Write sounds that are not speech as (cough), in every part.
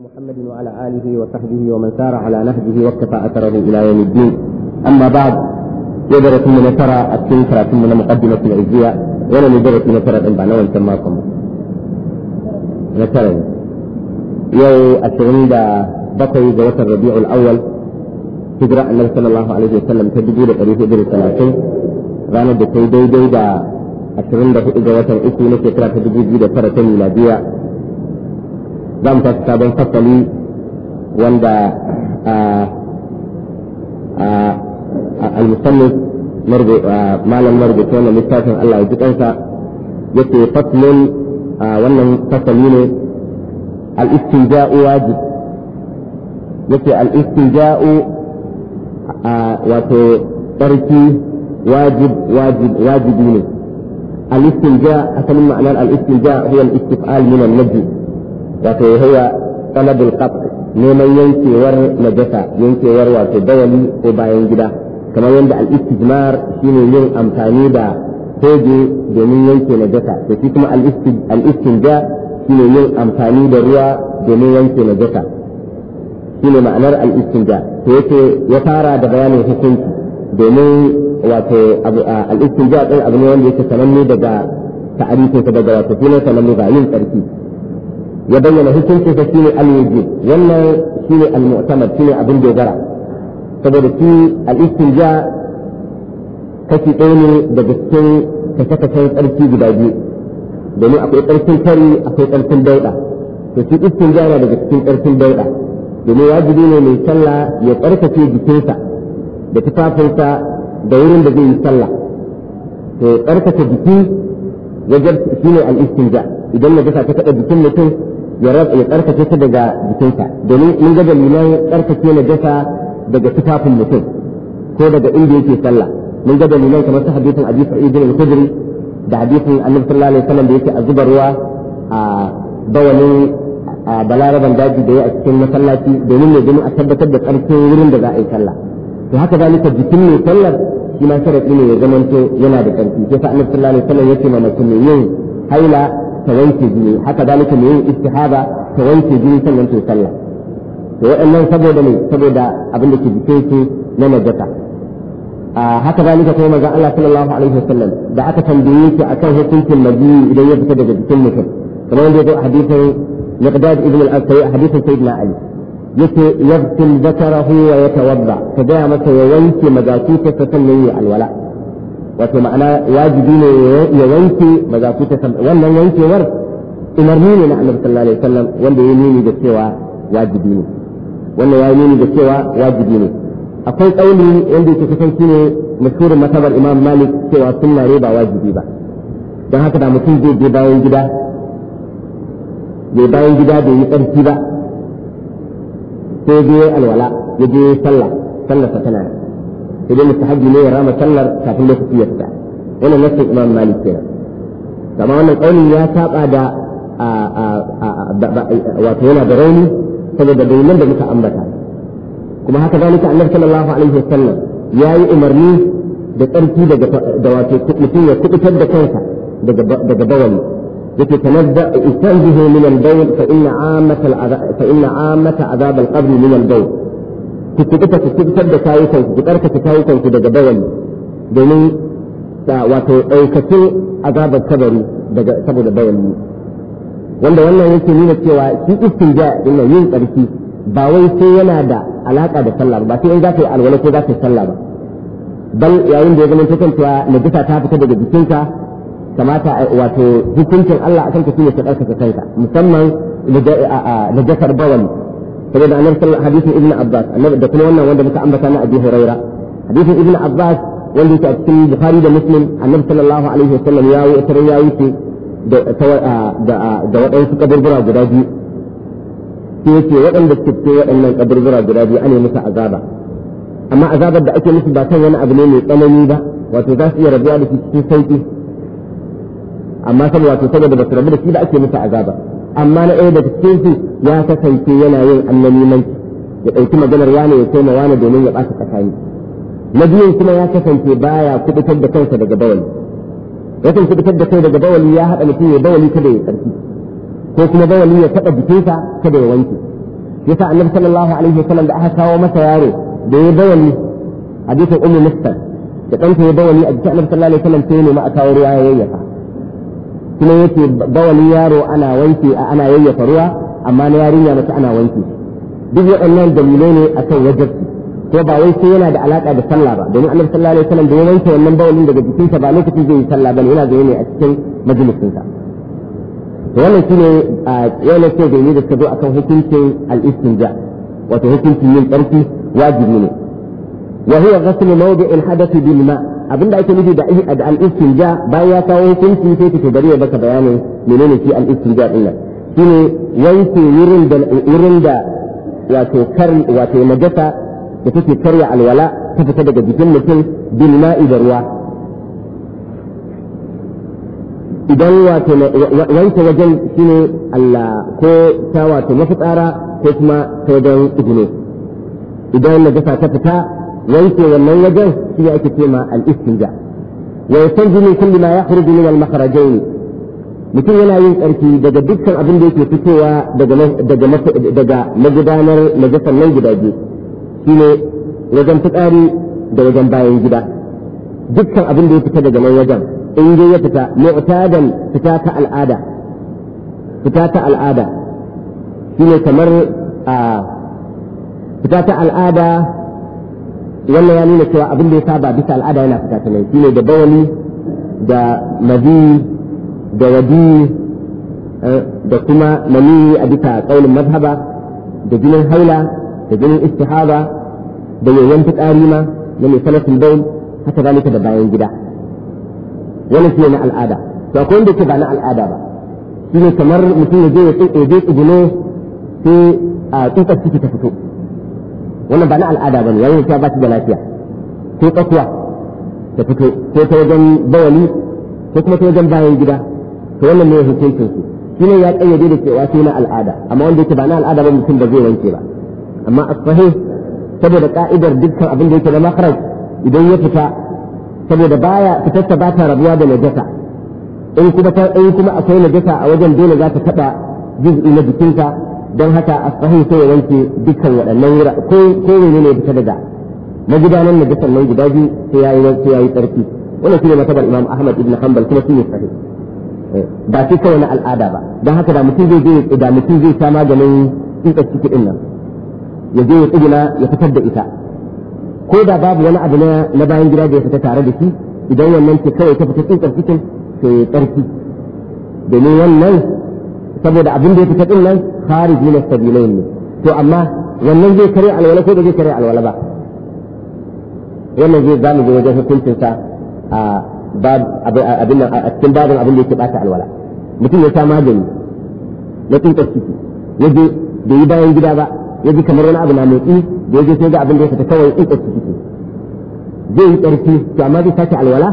محمد وعلى آله وصحبه ومن سار على نهجه واكتفى أثره إلى يوم الدين أما بعد يدرى من ترى التين ثم مقدمة العزية ولا يدرى من ترى الإنبان وان سماكم نترى يو أتغني دا بقي جوات الربيع الأول تجرى النبي صلى الله عليه وسلم تجدي لقريب إدري الثلاثين غانا بكي دي دي دا أتغني دا جوات الإسي نسي ترى تجدي دا za mu tafi sabon fasali wanda al-musannif malam marubuta wannan littafin Allah ya ji kansa yake fasalin wannan fasali ne al-istinja'u wajib yake al-istinja'u wato barki wajib wajib wajibi ne al-istinja asalin ma'anar al-istinja huwa al-istif'al min al najm wato haya talabul qat neman yankewar najasa yankewar wato dawali ko bayan gida kamar yadda al-istijmar shine yin amfani da hoge domin yanke najasa to shi kuma al-istinja shine yin amfani da ruwa domin yanke najasa shine ma'anar al-istinja to yake ya fara da bayanin hukunci domin wato al-istinja din abu wanda yake sananne daga ta'arifinsa daga wato sunan sananne ba yin tsarki ya bayyana hukuncin sa shine al-wujub wannan shine al-mu'tamad shine abin dogara saboda shi al-istinja kashi ɗaya ne daga cikin kashe-kashen tsarki guda biyu domin akwai tsarkin kari akwai tsarkin dauɗa to shi istinja yana daga cikin tsarkin dauɗa domin wajibi ne mai sallah ya tsarkake jikinsa da tufafinsa da wurin da zai yi sallah to tsarkake jiki wajen shine al-istinja idan gasa ta taɓa jikin mutum ya ya tsarkake ta daga jikinsa domin in ga dalilan tsarkake gasa daga tufafin mutum ko daga inda yake sallah mun ga dalilan kamar su hadisin Abi Sa'id al-Khudri da hadisin Annabi sallallahu alaihi wasallam da yake a zuba ruwa a bawalin balaraban daji da ya a cikin masallaci domin ne domin a tabbatar da tsarkin wurin da za a yi sallah to haka zalika jikin mai sallar shi ma sharaɗi ne ya zamanto yana da ƙarfi sai sa annabi sallallahu alaihi wasallam yake ma mutum yin haila ta wanke jini haka zalika mai yin istihaba ta wanke sannan ta to waɗannan saboda saboda abin da ke jikin su haka zalika kuma manzon Allah sallallahu alaihi wasallam da aka tambaye shi akan hukuncin mabiyi idan ya fita daga jikin mutum kamar yadda ya zo a hadisin miqdad ibn al a ali yace yabtil zakarahu wa ka ga masa ya wanke magashi ta sannan ya alwala wato ma'ana wajibi ne ya wanke ku ta wannan wankewar umarni ne na annabi sallallahu alaihi wasallam wanda ya nuni da cewa wajibi ne wannan ya nuni da cewa wajibi ne akwai tsauni wanda yake kusan shine mashhurin masabar imam malik cewa sunna ne ba wajibi ba don haka da mutum zai je bayan gida bai bayan gida bai yi karfi ba sai je alwala ya je sallah sallah tana إذا المستحق ليه راما كلر كافل ليه خطية تتاع إنا نفس إمام مالي كينا كما انا القول يا تاب أدا واتينا دروني فإذا بدون من بمسا أمبتا كما هكذا لك أن صلى الله عليه وسلم يا إمرني بترتي دواتي كتنسي وكتب دكوسا دقبولي التي تنبأ استنزه من البول فإن عامة, فإن عامة عذاب القبر من البول ku kubuta ku kubutar da kayukan ku karkace kayukan ku daga bawali domin wato ɗaukacin azabar kabari daga saboda bayan mu. wanda wannan yake nuna cewa shi istinja ina yin tsarki ba wai sai yana da alaka da sallah ba sai in za ka yi alwala ko za ka yi sallah ba bal yayin da ya zama cikin cewa najisa ta fita daga jikinka kamata wato hukuncin Allah akan ka shine ka tsarkake kanka musamman najasar bawali saboda annabi sallallahu hadisin ibnu abbas annabi da kuma wannan wanda muka ambata na abi huraira hadisin ibnu abbas wanda yake a cikin bukhari da muslim annabi sallallahu alaihi wasallam ya yi tare ya yi da da da waɗansu kaburbura guda biyu sai yake waɗanda suke cikin waɗannan kaburbura guda biyu ana musu azaba amma azabar da ake musu ba kan wani abu ne mai tsanani ba wato za su iya rabuwa da shi cikin sauki amma saboda wato saboda ba su rabu da shi da ake musu azaba amma na ɗaya daga cikin su ya kasance yana yin annalimanci ya ɗauki maganar wane ya kai wane domin ya ɓata tsakani na biyun kuma ya kasance baya kubutar da kansa daga bawali yakan kubutar da kai daga bawali ya haɗa mutum ya bawali kada ya ƙarfi, ko kuma bawali ya taɓa jikinsa kada ya wanke yasa annabi sallallahu alaihi wasallam da aka kawo masa yaro da ya bawali hadisin ummu mustan da ɗanta ya bawali a jikin annabi sallallahu alaihi wasallam sai ne ma a kawo ruwa ya yayyafa kuma yace bawalin yaro ana wanke ana yayyafa ruwa amma na yarinya mace ana wanke duk waɗannan dalilai ne akan wajibi ko ba wai sai yana da alaka da sallah ba domin annabi sallallahu alaihi wasallam da ya wanke wannan bawalin daga jikinsa ba lokacin zai yi sallah bane yana zaune ne a cikin majalisinsa wannan shine yana ce da ne da sado akan hukuncin al-istinja wato hukuncin yin tsarki wajibi ne wa huwa ghaslu mawdi'il hadath bil ma' abinda ake nufi da da al-istinja bayan ya kawo hukunci sai take gari ya baka bayanin menene shi al-istinja din nan shine wanke wurin da wurin da wato kar wato majasa da take karya alwala ta fita daga jikin mutum bil ma'i da ruwa idan wato wanke wajen shine Allah ko ta wato mafitsara ko kuma ta wajen idan najasa ta fita wanke wannan wajen shi ake ce ma al-istinja wa yastanji min kulli ma yakhruju min al-makhrajayn mutum yana yin tsarki daga dukkan abin da yake fitowa daga daga magudanar najasar nan gida biyu ne wajen fitsari da wajen bayan gida dukkan abin da ya fita daga nan wajen in ya fita mu'tadan fita ta al'ada fita ta al'ada ne kamar a fita ta al'ada wannan ya nuna cewa abin da ya saba bisa al'ada yana fita ta nan shine da bawali da madi da wadi eh, da kuma mani a bisa kaulin mazhaba da jinin haila da jinin istihaba da yoyon fitsari ma na mai salatul bayn haka zalika da bayan gida wannan shine na al'ada to akwai wanda ke ba na al'ada ba shine kamar mutum ya je ya tsinke je sai a ah, tsukar ciki ta fito wannan ba na al'ada ba ne yayin ta ba shi da lafiya ko tsakuwa ta fito ko ta wajen bawali ko kuma ta wajen bayan gida to wannan ne hukuncin su shine ya kayyade da cewa sai na al'ada amma wanda yake ba na al'ada ba mutum ba zai wanke ba amma as-sahih saboda ka'idar dukkan abin da yake da makaraj idan ya fita saboda baya fitarta ba ta rabuwa da najasa in kuma in kuma akwai najasa a wajen dole za ta taba juz'i na jikinka don haka a sahi sai ya dukkan waɗannan wura ko ko ne ne fita daga magudanan na dukkan nan guda biyu sai yayi sai yayi tsarki wannan shine matabar Imam Ahmad ibn Hanbal kuma shine sahih eh, ba shi kawai na al'ada ba don haka da mutum zai je da mutum zai sha maganin tsitsar ciki din nan ya je ya tsuguna ya fitar da ita ko da babu wani abu na bayan gida da ya fita tare da shi idan wannan ce kawai ta fita tsitsar cikin sai ya tsarki domin wannan saboda abin da ya fita din nan khariji na sabilain to amma wannan zai kare alwala ko zai kare alwala ba wannan zai zamu je wajen hukuncin sa a bab abin nan a cikin babin abin da yake bata alwala mutum ya sha magani ya tunkar ciki ya je bai yi bayan gida ba ya ji kamar wani abu na motsi da ya je sai ga abin da ya fita kawai tunkar ciki zai yi ƙarfi to amma zai sake alwala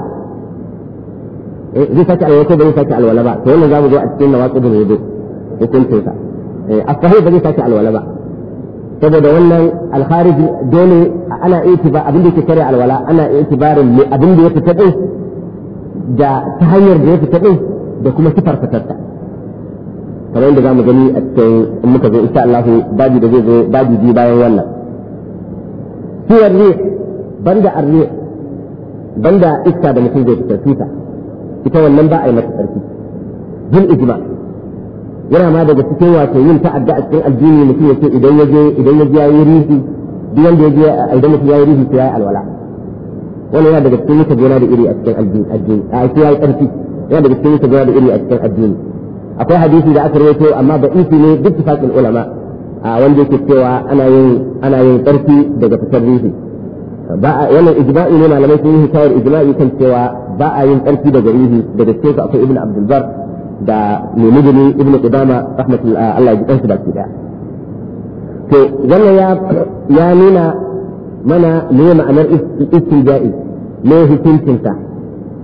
eh, zai sake alwala ko ba zai sake alwala ba to wannan zamu zo a cikin nawaƙidul wudu hukuncin sa eh, a sahih ba zai sake alwala ba saboda wannan al dole ana itiba abin da yake kare alwala ana itibarin abin da ya fita din da ta hanyar da ya fita din da kuma sifar fitarta kamar yadda zamu gani a cikin in muka zo insha Allah babi da zai zo babi biyu bayan wannan suwar ne banda arne banda iska da mutum zai fitar fita ita wannan ba a yi mata tsarki bil ijma' yana ma daga cikin wato yin ta'adda a cikin addini mutum yace idan ya je idan ya je yayi rihi duk wanda ya je idan mutum yi rihi sai ya yi alwala wannan yana daga cikin mutum yana da iri a cikin addini a sai yayi karfi yana daga cikin mutum yana da iri a cikin addini akwai hadisi da aka rawaito amma da isi ne duk tafaqul ulama a wanda yake cewa ana yin ana yin karfi daga fitar rihi ba a wannan ijma'i ne malamai sun yi hitawar ijma'i kan cewa ba a yin karfi daga rihi daga cikin akwai ibnu abdul bar da Mimudini Ibn Qudama rahmatullahi ah, Allah ya dan kansu baki daya to wannan ya ya nuna mana me ma'anar istinja'i me hukuncinsa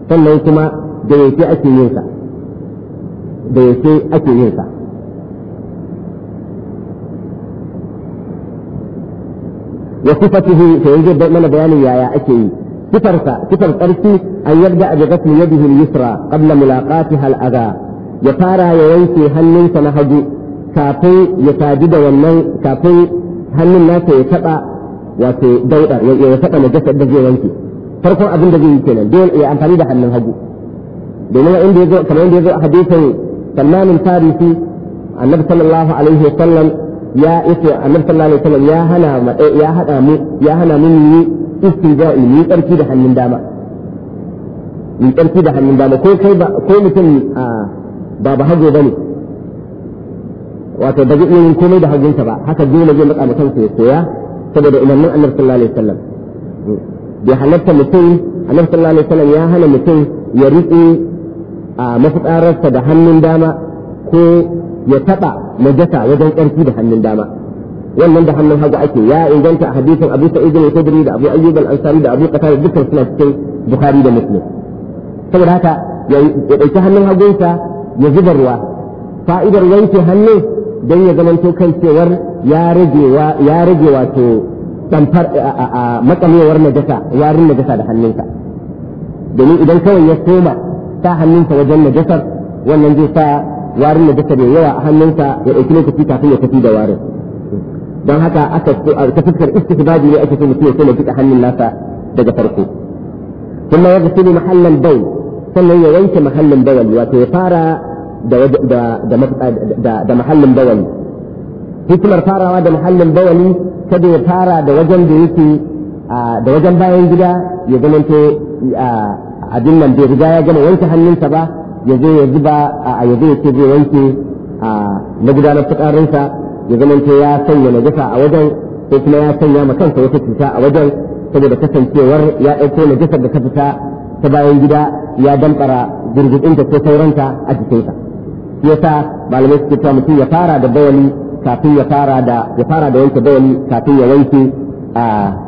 sannan kuma da yake ake yin sa da yake ake yin sa wa sifatihi to yanzu mana bayanin yaya ake yi sifarsa sifar tsarki an yarda a bi ghasli yadihi al-yusra qabla mulaqatiha al aga. ya fara ya wanke hannunsa na hagu kafin ya tabi da wannan kafin hannun nasa ya taɓa wato dauɗa ya taɓa najasar da zai wanke farkon abin da zai yi kenan dole ya amfani da hannun hagu domin inda ya kamar inda ya a hadisin tarihi annabi sallallahu alaihi wasallam ya yace annabi sallallahu alaihi wasallam ya hana eh, ya hada mu ya hana mu istinja'i tsarki da hannun dama da hannun dama ko kai ba ko mutum a ah, ba ba hago bane wato ba zai yin komai da hagunta ba haka dole zai matsa mutum ya koya saboda umarnin annabi sallallahu alaihi wasallam bai halatta mutum annabi sallallahu alaihi wasallam ya hana mutum ya riƙe a mafitsararsa da hannun dama ko ya taɓa najasa wajen ƙarfi da hannun dama wannan da hannun hagu ake ya inganta a hadisin Abu Sa'id al-Khudri da Abu Ayyub al-Ansari da Abu Qatada dukkan suna cikin Bukhari da Muslim saboda haka ya ɗauki hannun hagunsa ya zuba ruwa fa'idar wanke hannu don ya to kan cewar ya rage wato tamfar a makamewar najasa warin najasa da hannunsa domin idan kawai ya koma sa hannunsa wajen najasar wannan zai sa warin najasar ya yawa a hannunsa ya ɗauki lokaci kafin ya tafi da warin don haka aka ta fuskar istihbabi ne ake so mutum ya koma duka hannun nasa daga farko kuma ya ne mahallan bai sannan ya wanke mahallin bawali wato ya fara da mahallin bawali hikimar farawa da mahallin bawali kada ya fara da wajen da yake da wajen bayan gida ya zamanto abin nan bai riga ya gama wanke hannunsa ba ya zo ya zuba ya zo ya ce zai wanke na gudanar fitsarinsa ya zamanto ya sanya na najasa a wajen sai kuma ya sanya ma kansa wata cuta a wajen saboda kasancewar ya ɗauko najasar da ta fita ta bayan gida ya damfara girgidinta ko sauranta a jikinsa yasa malamai suke cewa mutum ya fara da bawali kafin ya fara da ya fara da wanke bawali kafin ya wanke a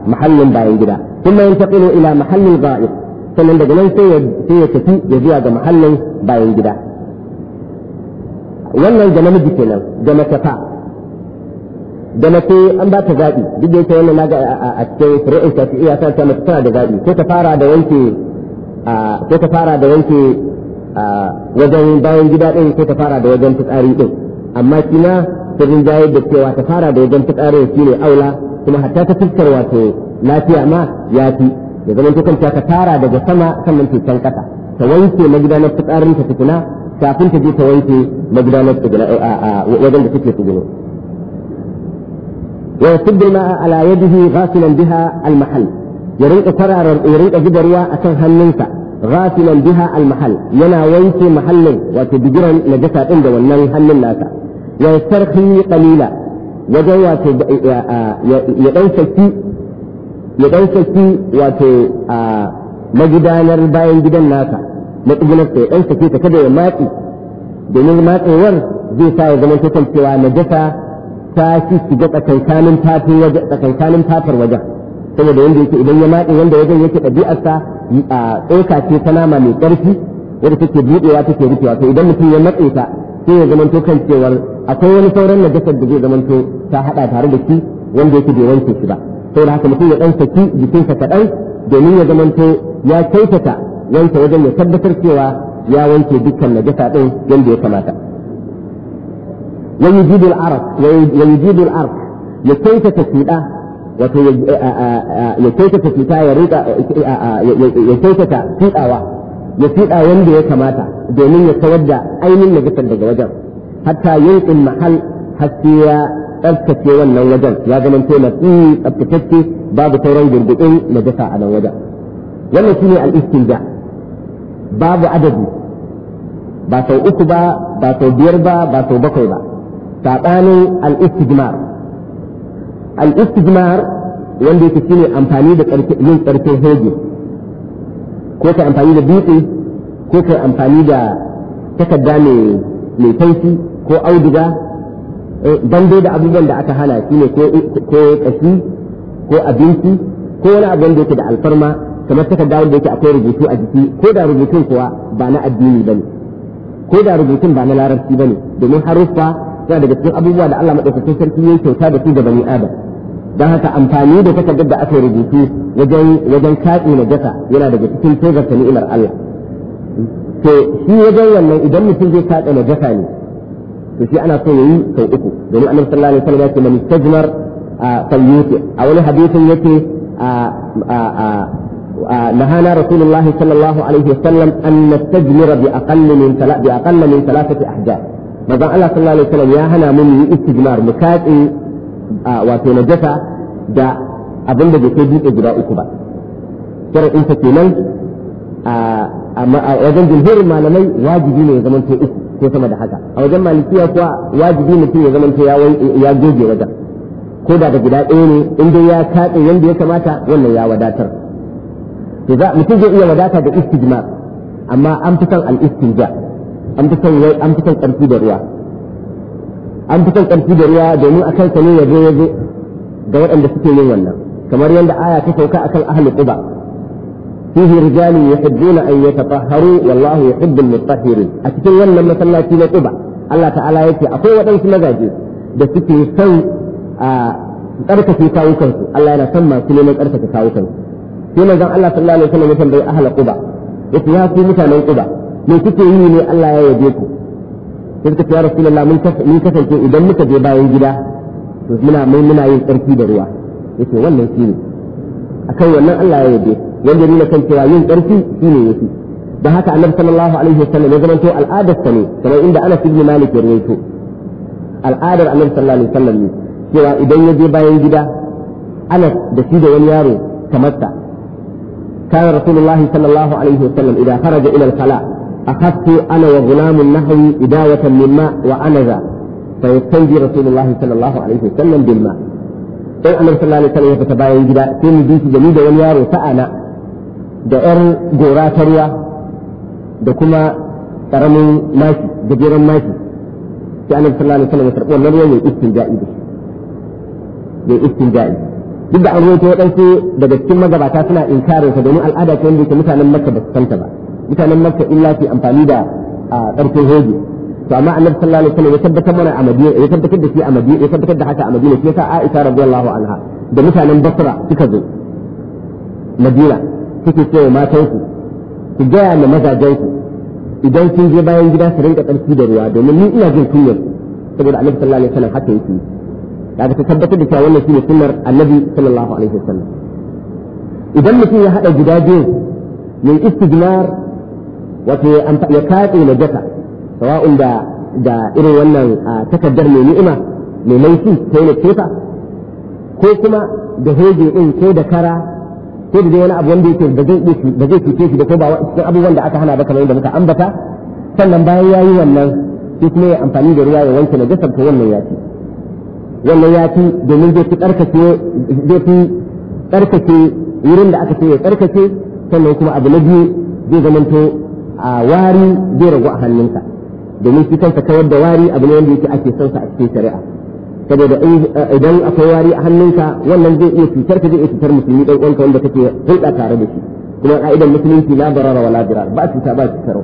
mahallin bayan gida kuma ya taqilu ila mahallin ba'id sannan daga nan sai ya tafi ya zuwa ga mahallin bayan gida wannan ga namiji kenan ga mace fa da mace an ba ta zaɓi duk da yake wannan naga a cikin shari'ar shafi'iyya ta ce mace tana da zaɓi ko ta fara da wanke sai ta fara da wanke wajen bayan gida ɗin sai ta fara da wajen fitsari ɗin amma kina ta jayar da cewa ta fara da wajen fitsarin shi ne aula kuma hatta ta fuskar wato lafiya ma ya fi da zaman ta kanta ta fara daga sama sannan ta can kasa ta wanke magudanar fitsarin ta tukuna kafin ta je ta wanke magudanar wajen da take tsugunu ويصب الماء على يده غاسلا بها المحل ya rinka kwararar ya rinka zuba ruwa akan hannunsa ghafilan biha almahal yana wanke mahallin wato bigiran najasa din da wannan hannun nasa ya sarhi qalila wajen wato eh, eh, ah, ah, ya dan saki ya dan wato ah, magudanar bayan gidan nasa matsugunar ya dan saki ta kada ya matsi domin matsewar zai sa ya zama cewa najasa ta shi shiga tsakankanin fatar wajen saboda wanda yake idan ya matse wanda wajen yake ɗabi'arsa a tsoka ce ta nama mai ƙarfi wadda take buɗewa take rufewa to idan mutum ya matse ta sai ya zamanto kan cewar akwai wani sauran najasar da zai zamanto ta haɗa tare da shi wanda yake bai wanke shi ba saboda haka mutum ya ɗan saki jikinsa kaɗan domin ya zamanto ya kyautata wanke wajen ya tabbatar cewa ya wanke dukkan najasa ɗin yadda ya kamata. ويجيب العرق ويجيب ya يكيف تسيئة wato ya kyautata cuta ya rika ya kyautata fiɗawa ya fiɗa wanda ya kamata domin ya kawar da ainihin najisar daga wajen hatta yankin mahal haske ya tsaftace wannan wajen ya zama to na tsi tsaftatacce babu sauran gurgudin najasa a nan wajen wannan shine al-istinja babu adadi ba sau uku ba ba sau biyar ba ba sau bakwai ba saɓanin al-istijmar al-istijmar wanda yake shine amfani da yin karfin hoge ko ka amfani da dutse ko ka amfani da takarda mai taifi ko auduga bando eh, da abubuwan da aka hana shine ko kashi ko abinci ko wani abu wanda yake da alfarma kamar takarda wanda yake akwai rubutu a jiki ko da rubutun kuwa ba na addini ba ne ko da rubutun ba na larabci ne domin haruffa suna daga cikin abubuwa da Allah madaukakin sarki ya kyauta da su da bani adam don haka amfani da takardar da aka yi wajen wajen katsi na jasa yana daga cikin tozarta ni'imar Allah. To shi wajen wannan idan mutum zai katsa na jasa ne, to shi ana so yayi sau uku, domin Amir Sallallahu Alaihi Wasallam ya ce mani tajmar a Sayyuti, a wani hadisin yake a nahana Rasulullahi Sallallahu Alaihi Wasallam an na tajmira bi akalla min talafati ahja. Mazan Allah Sallallahu Alaihi Wasallam ya hana mun yi istijmar mu katsi wato na jasa da abin da bai kai dutse guda uku ba in sa nan a wajen jumhurin malamai wajibi ne ya zamanto uku ko sama da haka a wajen malikiya kuwa wajibi mutum ya zamanto ya goge wajen ko da da guda ɗaya ne in dai ya katse yadda ya kamata wannan ya wadatar to za mutum zai iya wadata da istijma amma an fi son al-istinja an fi son ƙarfi da ruwa an fi son ƙarfi da ruwa domin a kansa ne yaje yaje ga waɗanda suke yin wannan kamar yadda aya ta sauka akan ahli quba fihi rijalun yuhibbuna an yatatahharu wallahu yuhibbul mutahhirin a cikin wannan masallaci na quba Allah ta'ala yake akwai waɗansu mazaje da suke son a tsarkake kawukansu Allah yana son masu neman tsarkake kawukansu sai manzon Allah sallallahu alaihi wasallam ya tambayi ahli quba yace ya ku mutanen quba me kuke yi ne Allah ya yabe ku sai suka ya rasulullah mun mun kasance idan muka je bayan gida to muna mai muna yin tsarki da ruwa yace wannan shine akan wannan Allah ya yarda wanda nuna kan cewa yin tsarki shine yafi da haka annabi sallallahu alaihi wasallam ya zamanto al'adar sa ne kamar inda ana ibn Malik ya rawaito al'adar annabi sallallahu alaihi wasallam ne cewa idan ya je bayan gida Anas da shi da wani yaro kamar sa كان رسول الله صلى الله عليه وسلم إذا خرج إلى الخلاء أخذت أنا وغلام النحوي إداوة من ماء وأنذا فيستنجي رسول الله صلى الله عليه وسلم بالماء sai annabi sallallahu alaihi wasallam ya fita bayan gida sai mu bi shi da wani yaro sa'ana da yar gora ta ruwa da kuma karamin maki gajeren maki sai annabi sallallahu alaihi wasallam ya karɓi wannan ruwan ya istinja'i da ya istinja'i duk da an rawaito waɗansu daga cikin magabata suna inkarin sa domin al'ada ce wanda ke mutanen Makka ba su ba mutanen makka illa fi amfani da ƙarfin hoji to amma annabi sallallahu alaihi wasallam ya tabbatar mana a madina ya tabbatar da shi a madina ya tabbatar da haka a madina sai ta aisha radiyallahu anha da mutanen basra suka zo madina suke wa matanku ku gaya ma mazajenku idan sun je bayan gida su rinka ƙarfi da ruwa domin ni ina jin kunyar saboda annabi sallallahu alaihi wasallam haka yake daga ta tabbatar da cewa wannan shine sunnar annabi sallallahu alaihi wasallam idan mutum ya hada guda biyu yayin istijmar wato ya katse jasa sawa'un da da irin wannan takardar mai ni'ima mai laifi ta yi kefa ko kuma da hoje din ko da kara ko da wani abu wanda yake da zai cuce shi da ko ba cikin abubuwan da aka hana ba kamar yadda muka ambata sannan bayan ya yi wannan sai kuma ya amfani da ruwa ya wanke na najasar ko wannan ya ci wannan ya ci domin zai fi tsarkake zai fi tsarkake wurin da aka ce ya tsarkake sannan kuma abu na biyu zai zamanto a wari zai ragu a hannunka domin shi kansa kawar da wari abu ne wanda yake ake son sa a cikin shari'a saboda eh, idan akwai wari a hannunka wannan zai iya cutar ka zai iya cutar musulmi dan uwanka wanda kake hulɗa tare da shi kuma ka'idan musulunci la darara wala dirar ba cuta ba cutar.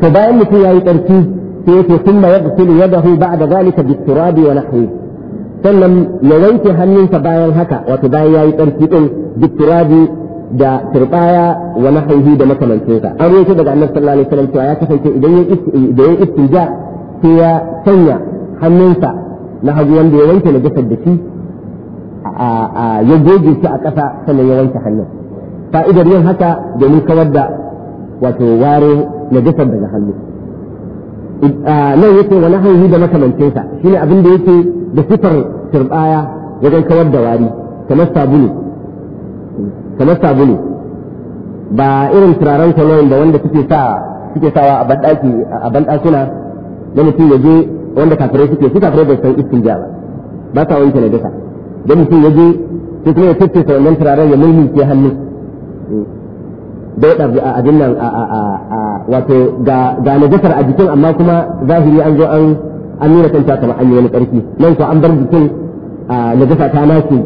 to bayan mutum ya yi karfi sai yake thumma yaghsilu ba da zalika biturabi wa nahwi sannan ya wanke hannunsa bayan haka wato bayan ya yayi karfi din biturabi da turbaya wa nahwihi da makamancinsa an rawaito daga annabi sallallahu alaihi wasallam cewa ya kasance idan ya idan ya istinja sai ya sanya hannunsa na hagu wanda ya wanke najasar da shi ya goge shi a ƙasa sannan ya wanke hannun fa'idar yin haka domin kawar da wato ware na najasar daga hannu nan yake wa nahwihi da makamancinsa shine abin da yake da sifar turbaya wajen kawar da wari kamar sabulu kamar sabulu ba irin turaren kwanon da wanda suke sa suke sawa a banɗaki a banɗakuna na mutum ya je wanda kafirai suke su kafirai bai san istinja ba ba sa wanke na dasa da mutum ya je sai kuma ya tattace wannan turaren ya ke hannu bai ya ɗabi a abin nan a wato ga najasar a jikin amma kuma zahiri an zo an an nuna ta kamar an yi wani ƙarfi nan ko an bar jikin najasa ta nace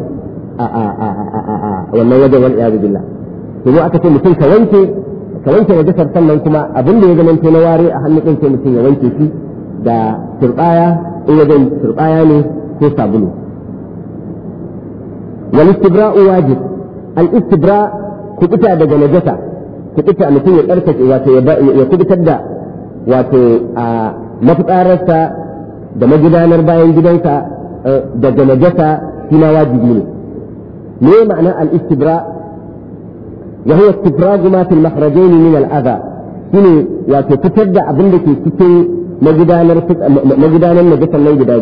a wannan wajen wani iyadu billah to mu aka ce mutum ka wanke ka wanke najasar sannan kuma abin da ya zama to na ware a hannun ɗin sai mutum ya wanke shi da turbaya in wajen turbaya ne ko sabulu wal istibra'u wajib al istibra fita daga najasa fita mutum ya karkace wato ya kubutar da wato a mafitsararsa da magudanar bayan gidansa eh, daga najasa shi na wajibi ne ليه معنى الاستبراء وهو استفراغ ما في المخرجين من الأذى شنو wato fitar da abin da ke cikin magudanar najasar nan guda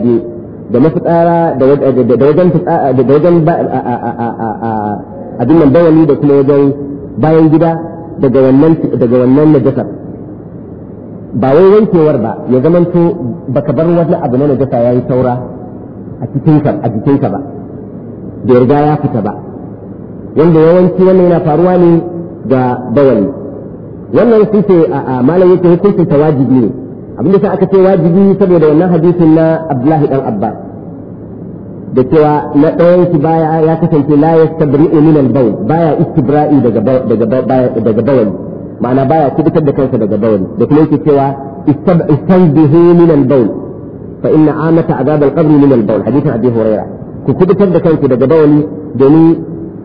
da mafitsara da wajen da wajen abin nan da kuma wajen bayan gida daga wannan daga wannan najasar ba wai wankewar ba ya zamanto baka bar wani abu na najasa yayi saura a cikin ka a jikin ka ba da riga ya fita ba wanda yawanci wannan yana faruwa ne ga bawali wannan su ce a malam yake hukunci ta wajibi ne abin da sa aka ce wajibi saboda wannan hadisin na Abdullahi dan Abbas da cewa na ɗayan shi baya ya kasance la yastabri'u min al-bawl baya istibra'i daga daga bawali ma'ana baya kubutar da kansa daga bawali da kuma yake cewa istanbihu min al-bawl fa inna amata azab al-qabr min al-bawl hadisin Abi Hurairah ku kubutar da kanku daga bawali domin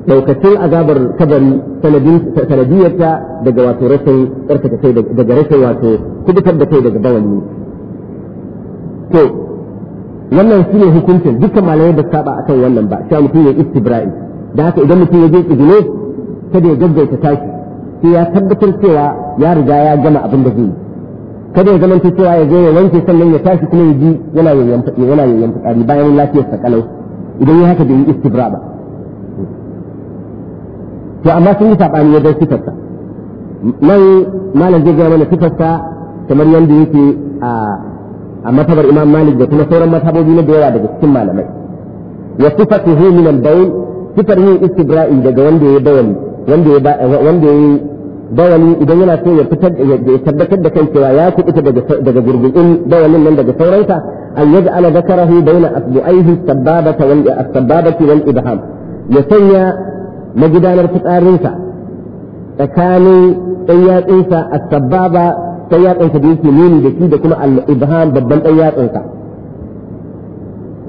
daukacin azabar kabari sanadiyarta daga wato rashin tsarkaka kai daga rashin wato kubutar da kai daga bawali to wannan ne hukuncin duka malamai ba saba akan wannan ba sai mutum ya istibra'i da haka idan mutum ya je izine kada ya gaggauta tashi sai ya tabbatar cewa ya riga ya gama abin da zai yi kada ya zama cewa ya je ya wanke sannan ya tashi kuma ya ji yana yayyan fitsari bayan lafiyar kalau idan ya haka da yin istibra ba to amma sun yi saɓani zai sifarsa nan malam zai gaya mana sifarsa kamar yadda yake a matabar imam malik da kuma sauran matabobi na da daga cikin malamai wa sifatuhu min al-bawl sifar yin istibra'i daga wanda ya bayani wanda ya wanda idan yana so ya fitar tabbatar da kai cewa ya kuɗi daga daga gurgurin bayanin nan daga sauransa أن يجعل ذكره بين أصبعيه السبابة والسبابة والإبهام يسنى مجدان الفتار رنسا تكاني تيات إنسا السبابة تيات إنسا بيكي مين بكي كما الإبهام ببن تيات إنسا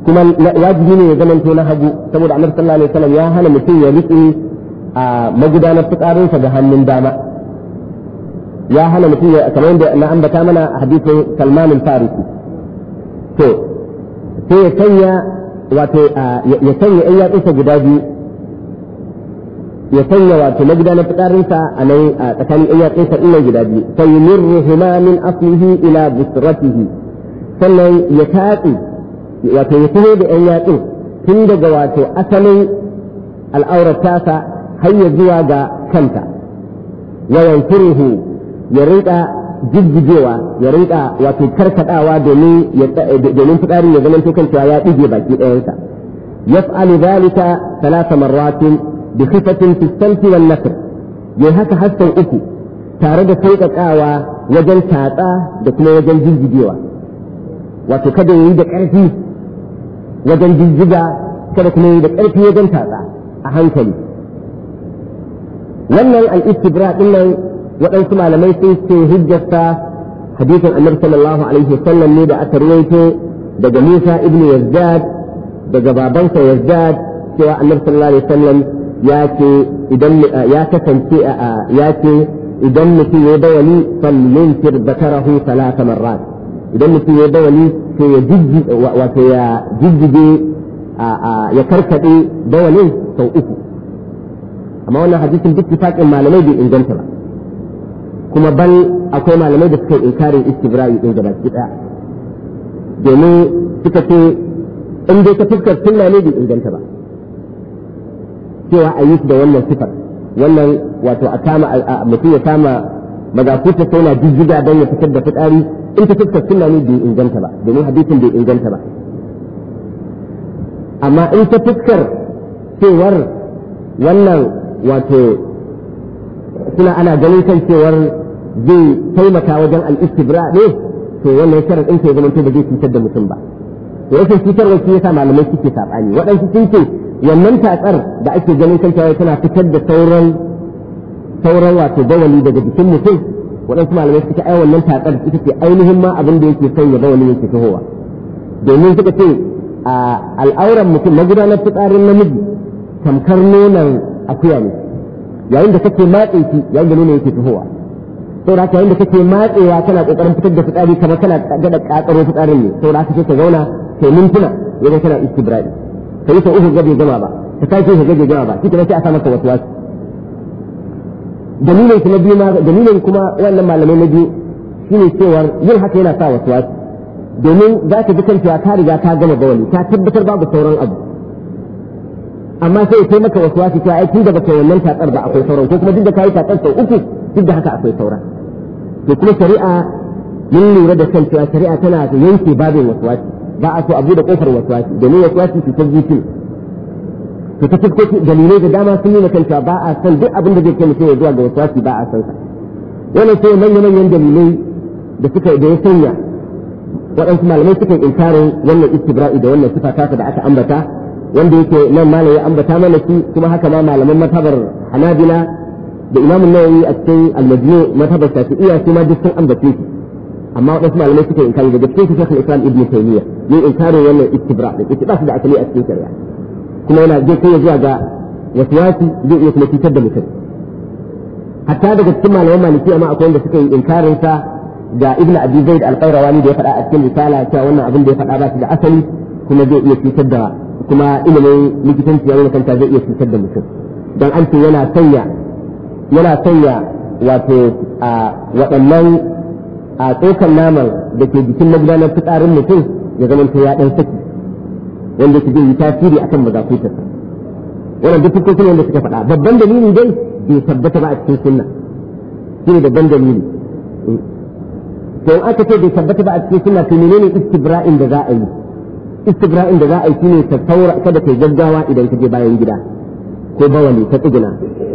kuma wajibi ne ya zamanto na hagu saboda annabi sallallahu alaihi wasallam ya hana mutum ya riƙe a magudanar fitsarinsa hannun dama ya hana mutum ya kamar yadda na ambata mana hadisin Salman al-Farisi to sai ya sanya wato ya sanya ɗan yatsunsa guda biyu ya sanya wato na gida na fitarinsa a nan a tsakanin ɗan yatsunsa ɗin nan guda biyu sai yumirruhuma min aslihi ila busratihi sannan ya tatsi wato ya tuno da ɗan yatsun tun daga wato asalin al'aurar tasa har ya zuwa ga kanta wa yanfuruhu ya rinka jijjigewa ya rinka wato karkadawa domin eh, domin fitsarin ya zama kan cewa ya dige baki ɗayan ɗayansa yaf'alu dhalika thalatha marratin bi khifatin fi samti wan nasr yayi haka hassan uku tare da sauƙaƙawa wajen tatsa da kuma wajen jijjigewa wato kada yayi da ƙarfi wajen jijjiga kada kuma yayi da ƙarfi wajen tatsa a hankali wannan al-istibra din nan waɗansu malamai sun ce hujjarsa hadisin annabi sallallahu alaihi wasallam ne da aka ruwaito daga Musa ibn Yazdad daga babansa Yazdad cewa annabi sallallahu alaihi wasallam ya ce idan ya kasance ya ce idan mutum ya dawali falyunfir zakarahu salasa marrat idan mutum ya dawali to ya jijji wato ya jijjige ya karkade dawalin sau uku amma wannan hadisin duk fakin malamai bai inganta ba kuma bal akwai malamai da suka inkari istibra'i din gaba ki daya domin suka ce in dai ka fuskar sunna ne bai inganta ba cewa a yi da wannan sifar wannan wato a kama mutum ya kama magafuta sai na jijjiga don ya fitar da fitsari in ta fuskar sunna ne bai inganta ba domin hadisin bai inganta ba amma in ta fuskar cewar wannan wato suna ana ganin kan cewar zai taimaka wajen al-istibra ne to wannan sharadin sai zama ba zai cutar da mutum ba to rashin cutarwa shi yasa malamai suke sabani waɗansu sun ce wannan tatsar da ake ganin kanta tana fitar da sauran sauran wato bawali daga jikin mutum waɗansu malamai suka ai wannan tatsar ita ce ainihin ma abin da yake sanya bawali yake tahowa domin suka ce a al'auran mutum na gudanar fitsarin namiji tamkar nonon akuya ne yayin da kake matse shi yayin da nono yake tahowa saura ta yayin da kake matsewa kana kokarin fitar da fitsari kamar kana gada katsaro fitsarin ne saura ta ce ta zauna kai mintuna yayin kana istibra'i kai sai uku gabe gama ba ka kai shi gaje gama ba kika sai a samu ka wasu dalilin kuma biyu ma dalilin kuma wannan malamai na biyu shine cewa yin haka yana sa wasu domin za ka ji kanta ta riga ta gama bawali ta tabbatar babu sauran abu amma sai ya taimaka wasu wasu cewa ai tun da baka wannan tatsar ba akwai sauran ko kuma duk da kayi tatsar sau uku duk da haka akwai sauran to kuma shari'a mun lura da kan cewa shari'a tana da yanke babin waswasi ba a so a bude kofar da domin waswasi su ta zuci to ta fuskoki dalilai da dama sun nuna kan cewa ba a san duk abin da zai kai mutum ya zuwa ga waswasi ba a san sa wannan sai manya-manyan dalilai da suka da ya sanya waɗansu malamai suka inkarin wannan istibra'i da wannan sifa tasa da aka ambata wanda yake nan malam ya ambata mana shi kuma haka ma malaman matabar hanabila da imamun nawawi a cikin al-majmu madhabar shafi'iyya shi ma duk sun ambace shi amma wadansu malamai suka inkari da cikin su shekul islam ibn taymiya ne inkarin wannan istibra da ita ba su da asali a cikin shari'a kuma yana zai kai zuwa ga waswasi zai iya kuma cutar da mutum hatta daga cikin malaman maliki amma akwai wanda suka yi inkarin sa ga ibn abi zaid al-qayrawani da ya faɗa a cikin risala cewa wannan abin da ya faɗa ba shi da asali kuma zai iya cutar da kuma ilimin likitanci ya nuna kanta zai iya cutar da mutum dan an ce yana sanya yana sanya wato a waɗannan a tsokan naman da ke jikin magudanar fitsarin mutum ya zama ta ya ɗan saki wanda su zai yi tasiri akan mazakutarsa wannan duk hukuncin wanda suka faɗa babban dalili dai bai tabbata ba a cikin sunna ne babban dalili to aka ce bai tabbata ba a cikin sunna to menene istibra'in da za a yi istibra'in da za a yi shine ta saura kada kai gaggawa idan ka je bayan gida ko bawali ta tsuguna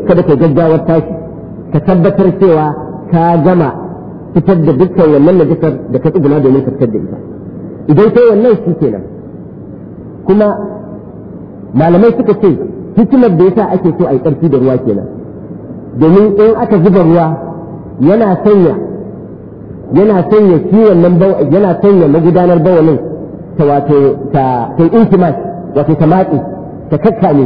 kada ka gaggawar tashi ka tabbatar cewa ka gama fitar da dukkan wannan najisar da ka tsuguna domin fitar da ita idan sai wannan shi kenan kuma malamai suka ce hikimar da yasa ake so a yi ƙarfi da ruwa kenan domin in aka zuba ruwa yana sanya yana sanya kiwon nan yana sanya magudanar bawalin ta wato ta ta intimas wato ta matsi ta kakkame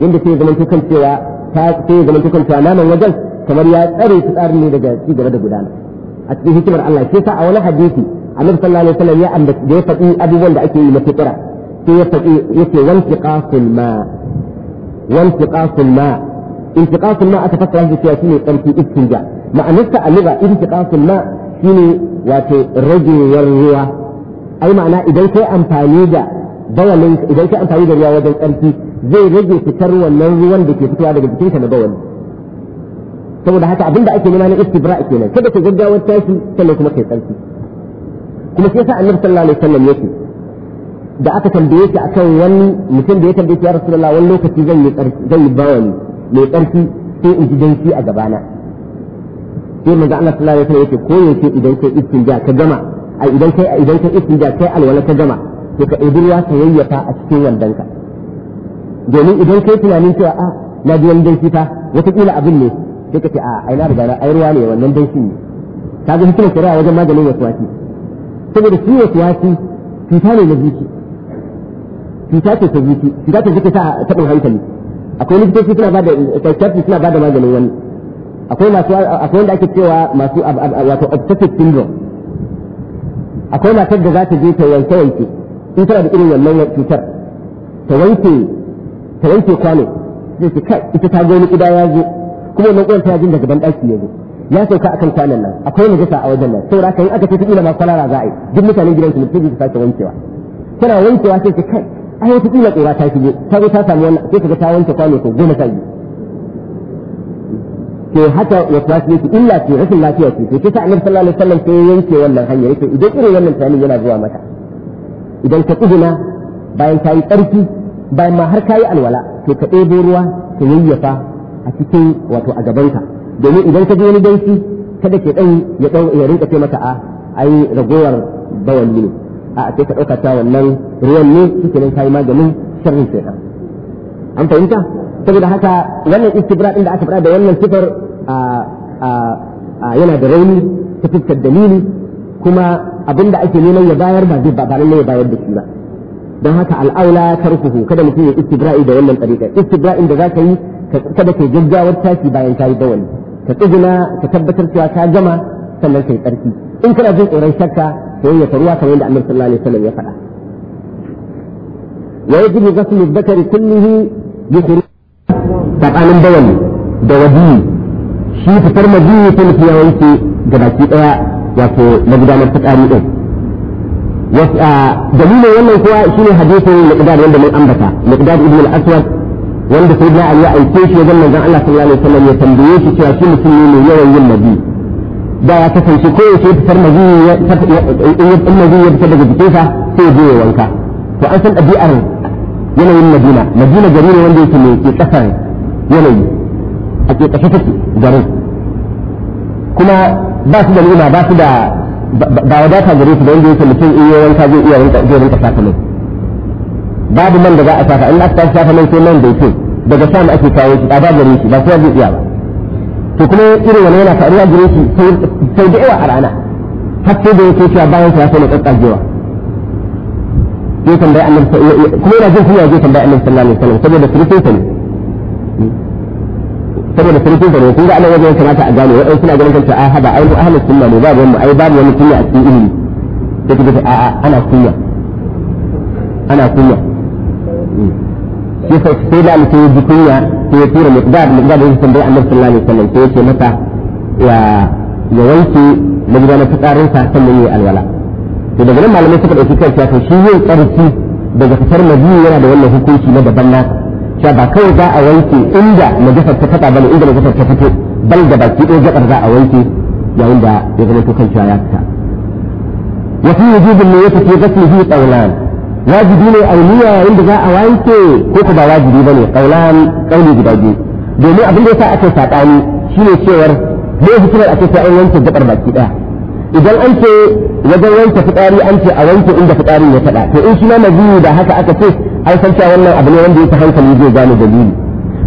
yadda sai zama kan cewa ta sai zaman tukun ta naman wajen kamar ya tsare su tsarin ne daga ci gaba da gudana a cikin hikimar Allah sai sa a wani hadisi annabi sallallahu alaihi wasallam ya ambaci da ya faɗi abubuwan da ake yi na fitira sai ya faɗi yace wantiqasul ma wantiqasul ma intiqasul ma aka fassara shi cewa shine tsarki istinja ma'anarsa a lugha intiqasul ma shine wato ragewar ruwa ai ma'ana idan kai amfani da bawalin idan kai amfani da ruwa wajen tsarki zai rage fitar wannan ruwan da ke fitowa daga jikinsa na bawani saboda haka abinda ake nema na istibra nan kada ka gaggawar tashi sannan kuma kai tsarki kuma sai yasa annabi sallallahu alaihi wasallam yake da aka tambaye shi akan wani mutum da ya tambaye shi ya rasulullah wani lokaci zan yi tsarki zan yi bawani mai tsarki sai in ji danki a gabana sai manzo Allah sallallahu alaihi wasallam yake ko yace idan kai istinja ka gama a idan kai idan kai istinja kai alwala ka gama sai ka ɗebi ta ka yayyafa a cikin wandanka domin idan kai tunanin cewa a ah, na ji wani danshi fa wataƙila abin ne sai ka ce a ah, ai na riga na ai ruwa ne wannan danshi ne ka ga hikimar shari'a wajen maganin wasuwasi saboda shi wasuwasi cuta ne na zuci cuta ce ta zuci cuta ce take sa taɓin hankali akwai likitoci suna ba da suna ba da maganin wani akwai masu akwai wanda ake cewa masu wato obsessive syndrome akwai matar da za ta je ta yanke yanke in tana da irin wannan cutar ta wanke ta yanke kwano zai ce kai ita ta ga wani kuda ya zo kuma wannan kudan ta jin daga ban daki ya zo ya sauka akan kwanan nan akwai gasa a wajen nan saboda kan in aka ce kila ma kwalara za a yi duk mutanen gidan su ne sai su sake wankewa tana wankewa sai ce kai ai wata kila tsira ta shige ta zo ta samu wannan sai kaga ta wanke kwano to goma sai ke haka ya tashi yake illa ce rashin lafiya ce sai sai annabi sallallahu alaihi wasallam sai yanke wannan hanyar yake idan irin wannan tani yana zuwa mata idan ka tsuguna bayan ta yi tsarki bayan ma har ka yi alwala to ka ɗebo ruwa ka yayyafa a cikin wato a gabanka domin idan ka ji wani danki kada ke ɗan ya ɗan ya rinka ce maka a ai ragowar bawan ne a ce ka ɗauka ta wannan ruwan ne shi nan ka yi maganin sharrin shaitan an fahimta saboda haka wannan istibra ɗin da aka faɗa da wannan sifar yana da rauni ta fuskar dalili kuma abin da ake neman ya bayar ba zai ba ya bayar da shi ba don haka al'aula tarkuhu kada mutum ya istibra'i da wannan tsarika istibra'in da za ka yi kada ka gaggawar tashi bayan ka yi dawali ka tsuguna ka tabbatar cewa ka gama sannan ka yi tsarki in kana jin tsoron shakka ka yi ruwa kamar yadda annabi sallallahu alaihi wasallam ya faɗa wa yajibu ghaslu dhakari kullihi bi khuruj tsakanin dawali da wadi shi fitar majiyi ta nufi yawanci baki daya wato na gudanar fitsari din dalilin wannan kuwa ne hadisin miqdad wanda mun ambata miqdad ibn al-aswad wanda sai da ya aike shi wajen manzon Allah sallallahu alaihi wasallam ya tambaye shi cewa shi mutum ne yawan yin nabi da ya kasance ko yace fitar nabi ya in nabi ya daga jikinsa sai je wanka to an san dabi'ar yanayin Madina Madina gari ne wanda yake mai kasar yanayi a ke garin kuma ba su da nuna ba su da ba dafa gare su da wanda yake mutum in yi wanka zai iya rinka zai rinka shafa mai babu man da za a shafa in aka shafa mai sai man bai ce daga sam ake kawo shi ba gare shi ba sai zai iya ba to kuma irin wani yana faruwa gare shi sai da yawa a rana har sai da yake cewa bayan sa ya sai na kakkajewa zai tambaya annabi kuma yana jin kunya zai tambaya annabi sallallahu alaihi wasallam saboda kirkin ne saboda sun sa ne kun ga anan wajen kamata a gane waɗansu suna ganin kanta a haba ainihin mu ahlus sunna ne babu wani ai babu wani kunya a cikin ilimi sai kuma a a ana kunya ana kunya hmm. shi sai sai da mutum ya ji kunya sai ya tura miqdad miqdad ya tambayi annabi sallallahu alaihi wasallam sai ya ce masa ya ya wanke magudanar sa sannan ya alwala to daga nan malamai suka ɗauki kansa to shi yin tsarki daga fitar biyu yana da wannan hukunci na daban nasa da ba kawai za a wanke inda najasar ta taba bane inda najasar ta fito bal da baki ɗaya gabar za a wanke yayin da ya zama kan cewa ya fita ya fi wujubin ne yake shi gaslihi qawlan wajibi ne a niyya yayin da za a wanke ko ko ba wajibi bane qawlan qawli guda biyu domin abin da yasa ake sakani shine cewar ne hikimar ake sa an wanke gabar baki ɗaya idan an ce wajen wanke fitsari an ce a wanke inda fitsarin ya taɓa to in shi na maziyi da haka aka ce ai san cewa wannan abu ne wanda yake hankali zai gane dalili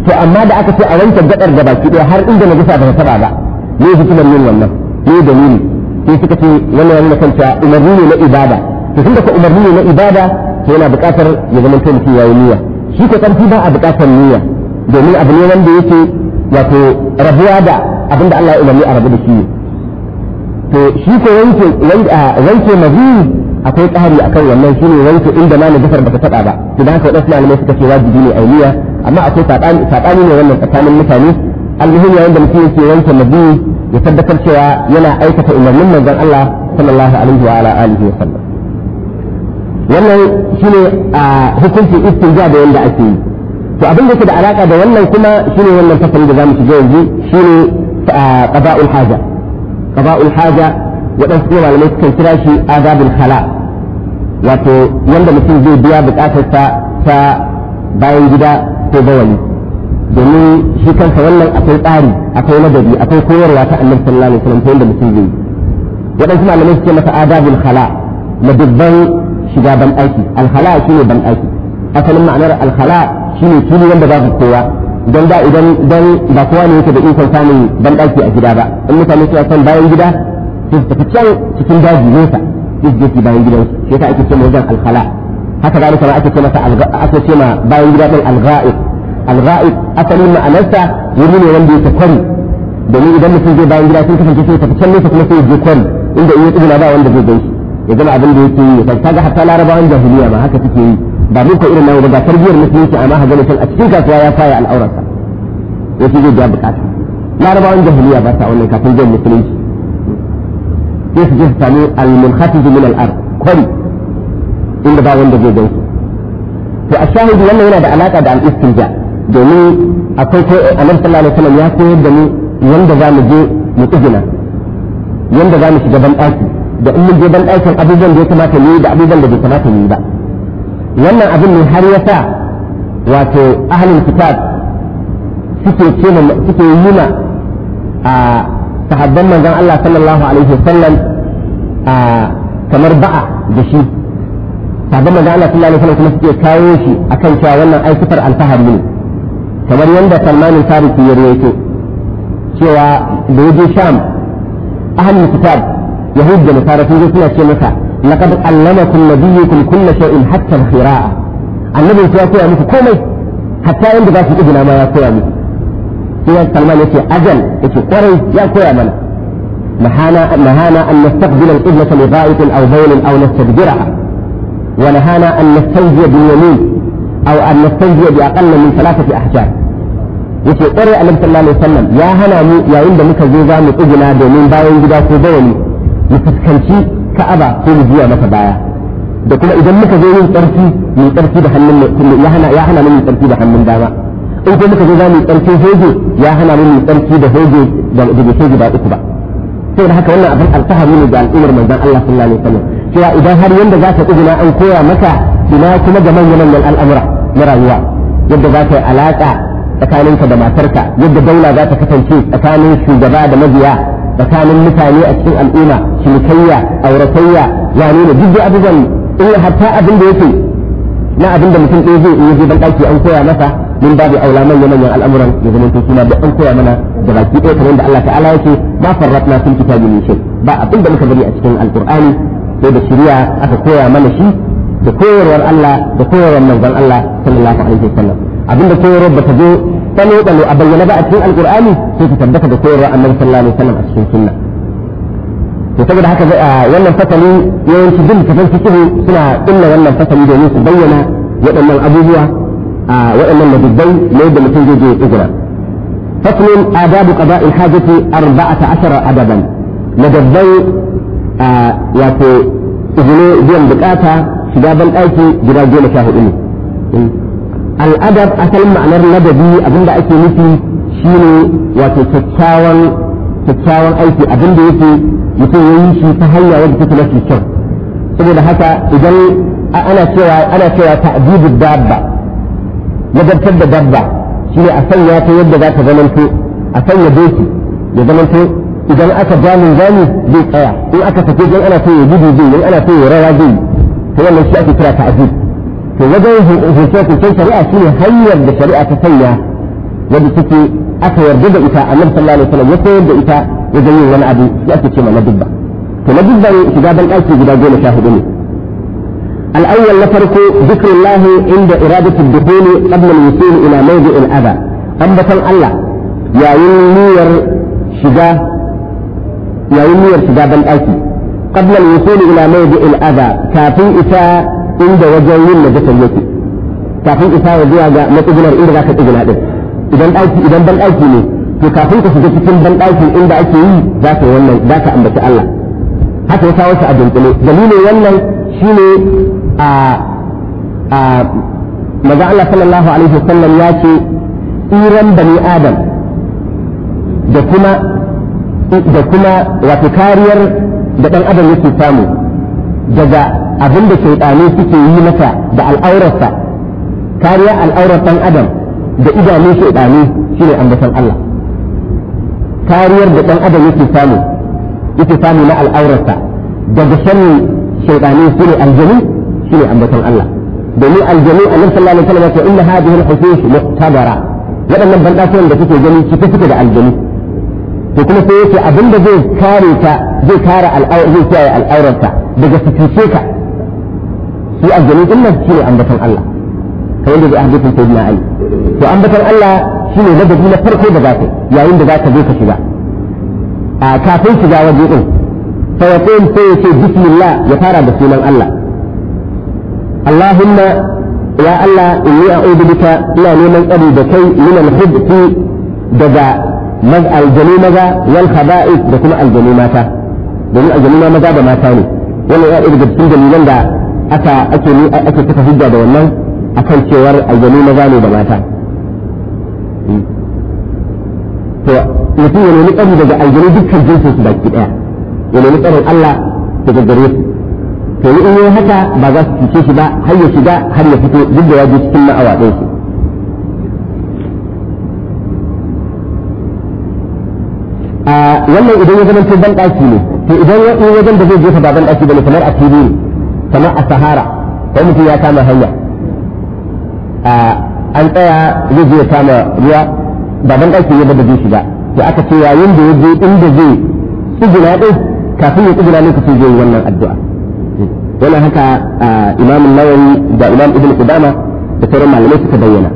to amma da aka ce a wanke gadar da baki ɗaya har inda najasa ba ta taba ba ne hikimar yin wannan ne dalili sai suka ce wannan yana cewa umarni ne na ibada to tunda ka umarni ne na ibada to yana buƙatar ya zama to mutum yayi niyya shi ko karfi ba a buƙatar niyya domin abu ne wanda yake wato rabuwa da abinda Allah ya umarni a rabu da shi to shi ko wanke wanke mazini akwai tsari akan wannan shine wanke inda ma na jafar baka taba ba idan haka wadansu malamai suka ce wajibi ne ainiya amma akwai sabani ne wannan tsakanin mutane almuhim yayin da mutum yake wanke nabi ya tabbatar cewa yana aikata umarnin manzon Allah sallallahu alaihi wa ala alihi wa sallam wannan shine hukuncin istinja da yanda ake yi to abin da yake da alaka da wannan kuma shine wannan fasalin da zamu shiga yanzu shine qada'ul haja qada'ul haja waɗansu kuma malamai kan kira shi azabul khala wato wanda mutum zai biya buƙatar ta bayan gida ko bawali domin shi kansa wannan akwai tsari akwai ladabi akwai koyarwa ta annabi sallallahu alaihi wasallam ta mutum zai waɗansu malamai suke masa azabul khala dubban shiga ban aiki alhala shine ban aiki asalin ma'anar alhala shine tuni wanda babu kowa don da idan dan ba kowa ne yake da ikon samun ban aiki a gida ba in mutane suna son bayan gida تستكتشان تكون داجي نوسا يجي في باين جدوس شيكا اكي تسمى وزان الخلاء حتى قالوا سما اكي تسمى اكي تسمى باين جدوس الغائب الغائب اصلا ما انسا يمين ورمدي يتكري دمين اذا مثل جي باين جدوس يتكتشان نوسا تكتشان نوسا كما سيجي كون عند ايوت ابن ابا وانده جدوس يجمع ابن جدوسي يتكتاج حتى لا ربا عنده هلية ما هكا تكي بابوكا الى ما يبدا sai su je su sami al-munhatiz min al-ard kwari inda ba wanda zai gansu to a shahidi wannan yana da alaka da al domin akwai ko annabi sallallahu alaihi wasallam ya koyar da mu yanda za mu je mu tsugina yanda za mu shiga ban da in mun je ban ɗakin abubuwan da ya kamata mu yi da abubuwan da bai kamata mu yi ba wannan abin ne har ya sa wato ahlul kitab suke suke yuna a sahabban manzon Allah sallallahu alaihi wasallam kamar ba'a da shi sahabban manzon Allah sallallahu alaihi wasallam kuma suke kawo shi akan cewa wannan ai sifar alfahari ne kamar yadda Salman al-Farisi ya rawaito cewa da yaje Sham ahlul kitab yahud da nasara sun zo suna ce masa laqad allamakum nabiyyukum kullu shay'in hatta al-qira'a annabi ya koya muku komai hatta inda ba su izina ma ya koya muku sai Salman yace ajal yace kwarai ya koya mana nahana nahana an nastaqbil al-qibla li gha'it aw bayn aw nastadbiraha wa nahana an nastanjiya bil yamin aw an nastanjiya bi aqall min thalathati ahjar yace kwarai Annabi sallallahu alaihi wasallam ya hana yayin da muka zo za mu tsuguna domin bayan gida ko bawani mu fuskanci Ka'aba ko mu juya mata baya da kuma idan muka zo tsarki tsarki hannun ya ya hana mu tsarki da hannun dama in ko muka zo za mu tsarki hoge ya hana mu tsarki da hoge da jike ba uku ba saboda haka wannan abin alfahari ne ga al'ummar manzon Allah sallallahu alaihi wasallam cewa idan har yanda za ka tsuguna an koya maka ina kuma ga manyan manyan al'amura na rayuwa yadda za ka yi alaƙa tsakaninka da matarka yadda daula za ta kasance tsakanin shugaba da mabiya tsakanin mutane a cikin al'umma cinikayya auratayya yani ne duk abubuwan in hatta abin da yake na abin da mutum ɗaya zai iya je ban ɗaki an koya masa min ba babu aula manyan manyan al'amuran ya zama to suna da an koya mana da baki ɗaya kamar da Allah ta'ala yake ba farratna fil kitabi min shay ba abin da muka bari a cikin alqur'ani sai da shari'a aka koya mana shi da koyarwar Allah da koyarwar manzon Allah sallallahu alaihi wasallam abinda koyarwar ba ta zo tsalo tsalo a bayyana ba a cikin alqur'ani sai ta tabbata da koyarwar annabi sallallahu alaihi wasallam a cikin sunna to saboda haka wannan fasali yawanci duk tafan suna illa wannan fasali domin su bayyana waɗannan abubuwa a waɗannan mazubai mai da mutum zai je izra faslun adabu qada'il hajati arba'ata ashara adaban mazubai wato izini biyan bukata shiga banɗaki ɗaki gida goma sha hudu ne al'adab asalin ma'anar ladabi abinda ake nufi shine wato kyakkyawan kyakkyawan aiki abinda yake mutum ya yi shi ta hanya wadda take mafi kyau saboda haka idan ana cewa ta cewa ta'dibud dabba wajabtar da dabba shi ne a sanya ta yadda za ta zamanto a sanya doki ya zamanto idan aka ja min zani zai tsaya in aka sake don ana so ya gudu zai in ana so ya rawa zai to wannan shi ake kira ta'azib to wajen hukuncin shari'a shi ne hanyar da shari'a ta sanya wadda take aka yarda da ita annabi sallallahu alaihi wasallam ya koyar da ita wajen yin wani abu shi ake ce ma na dubba to na dubba ne shiga ban ɗaki guda goma sha hudu ne الأول نفرق ذكر الله عند إرادة الدخول قبل الوصول إلى موضع الأذى أنبة الله يا ينير شجاه يا ينير شجاب الأيتي قبل الوصول إلى موضع الأذى كافي إساء عند وجهين لجسريتي كافي إساء وجهة متجنر إن ذاك الإجناء إذا الأيتي إذا بل أيتي to kafin ka shiga cikin banɗaki inda ake yi za ka wannan za ka ambaci Allah haka ya kawo shi a dunkule dalilin wannan shine maza Allah sallallahu alaihi wasallam ya ce tsiran bani adam da kuma da kuma wato kariyar da ɗan adam yake samu daga abin da shaiɗane suke yi mata da al'aurarsa kariya al'aurar ɗan adam da idanun shaiɗane shine ambaton Allah kariyar da ɗan adam yake samu yake samu na al'aurarsa daga shan shaiɗane su ne aljanu shine ambaton Allah domin aljami annabi sallallahu alaihi wasallam ya ce inna hadhihi al-husush muqtadara waɗannan bandasoyin da kuke gani cike suke da aljami to kuma sai yace abin da zai kare ka zai kare al'aurar zai kiyaye al'aurarka daga fitince ka shi aljami din shine ambaton Allah kamar da zai hadisin sayyidina Ali to ambaton Allah shine ladabi na farko da zaka yayin da zaka zo ka shiga a kafin shiga waje din fa yaqul sai bismillah ya fara da sunan Allah Allahumma ya Allah inni a'udhu bika ina neman tsari da kai min al-hubbi daga aljanu maza wal khaba'is da kuma aljanu mata domin aljanu maza da mata ne wannan ya daga cikin dalilan da ake ni hujja da wannan akan cewar aljanu maza ne da mata daga aljanu su Allah daga gare to in yi haka ba za su cike shi ba har ya shiga har ya fito duk da ya je cikin ma'awa ɗin su wannan idan ya zama ban ɗaki ne to idan ya yi wajen da zai jefa ba ban ɗaki ba ne kamar a fili ne kamar a sahara ko mutum ya kama hanya an tsaya zai je ya kama ruwa ba ban ɗaki ne ba da zai shiga to aka ce yayin da ya je inda zai tsuguna ɗin kafin ya ka ce zai yi wannan addu'a wannan haka imam nawawi da imam ibn qudama da sauran malamai suka bayyana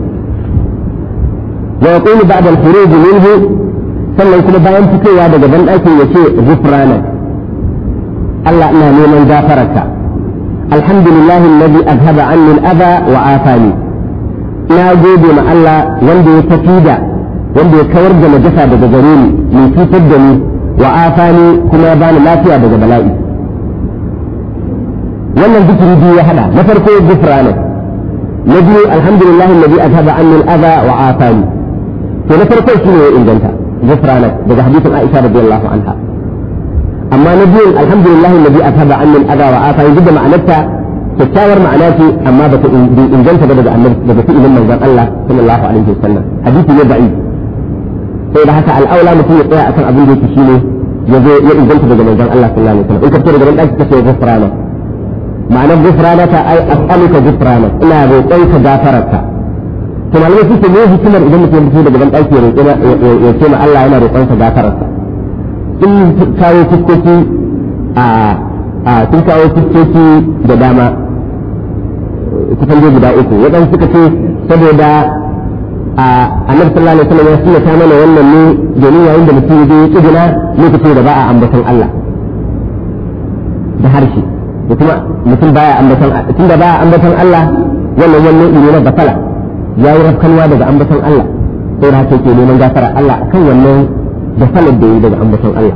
wa yaqulu ba'da al-khuruj minhu sannan kuma bayan fitowa daga ban ɗakin yace ghufrana Allah ina neman gafararka alhamdulillahi alladhi adhaba anni al-adha wa afani na gode ma Allah wanda ya tafi da wanda ya kawar da najasa daga gare ni mai cutar da ni wa afani kuma ya bani lafiya daga bala'i wannan zikiri biyu ya hada na farko gufranak na biyu alhamdulillah alladhi azhaba anni al-adha wa afani to na farko shine ya inganta gufranak daga hadisin Aisha radiyallahu anha amma na biyu alhamdulillah alladhi azhaba anni al-adha wa afani duk da ma'anarta kyakkyawar ma'ana ce amma ba ta inganta ba daga annabi daga fi'ilin manzon Allah sallallahu alaihi wasallam hadisi ne da'i sai da haka al'aula mutum ya tsaya akan abin da yake shine ya zo ya inganta daga manzon Allah sallallahu alaihi wasallam in ka fito daga nan ɗaki ka ce gufranak ma'anar gufranaka ai as'aluka gufranak ina roƙon ka gafararka to malamai suke ne hikimar idan mutum fito daga banɗaki ya roƙi ya ce ma Allah yana roƙon ka gafararsa sun kawo fuskoki a sun kawo fuskoki da dama kusan dai guda uku waɗansu suka ce saboda a annabi sallallahu alaihi wasallam ya sunnata mana wannan ne domin yayin da mutum ya je ya tsuguna lokacin da ba a ambaton Allah da harshe da kuma mutum baya ambaton tunda baya ambaton Allah wannan wannan ne na basala ya yi rafkanwa daga ambaton Allah sai haka yake neman gafara Allah akan wannan basalar da yi daga ambaton Allah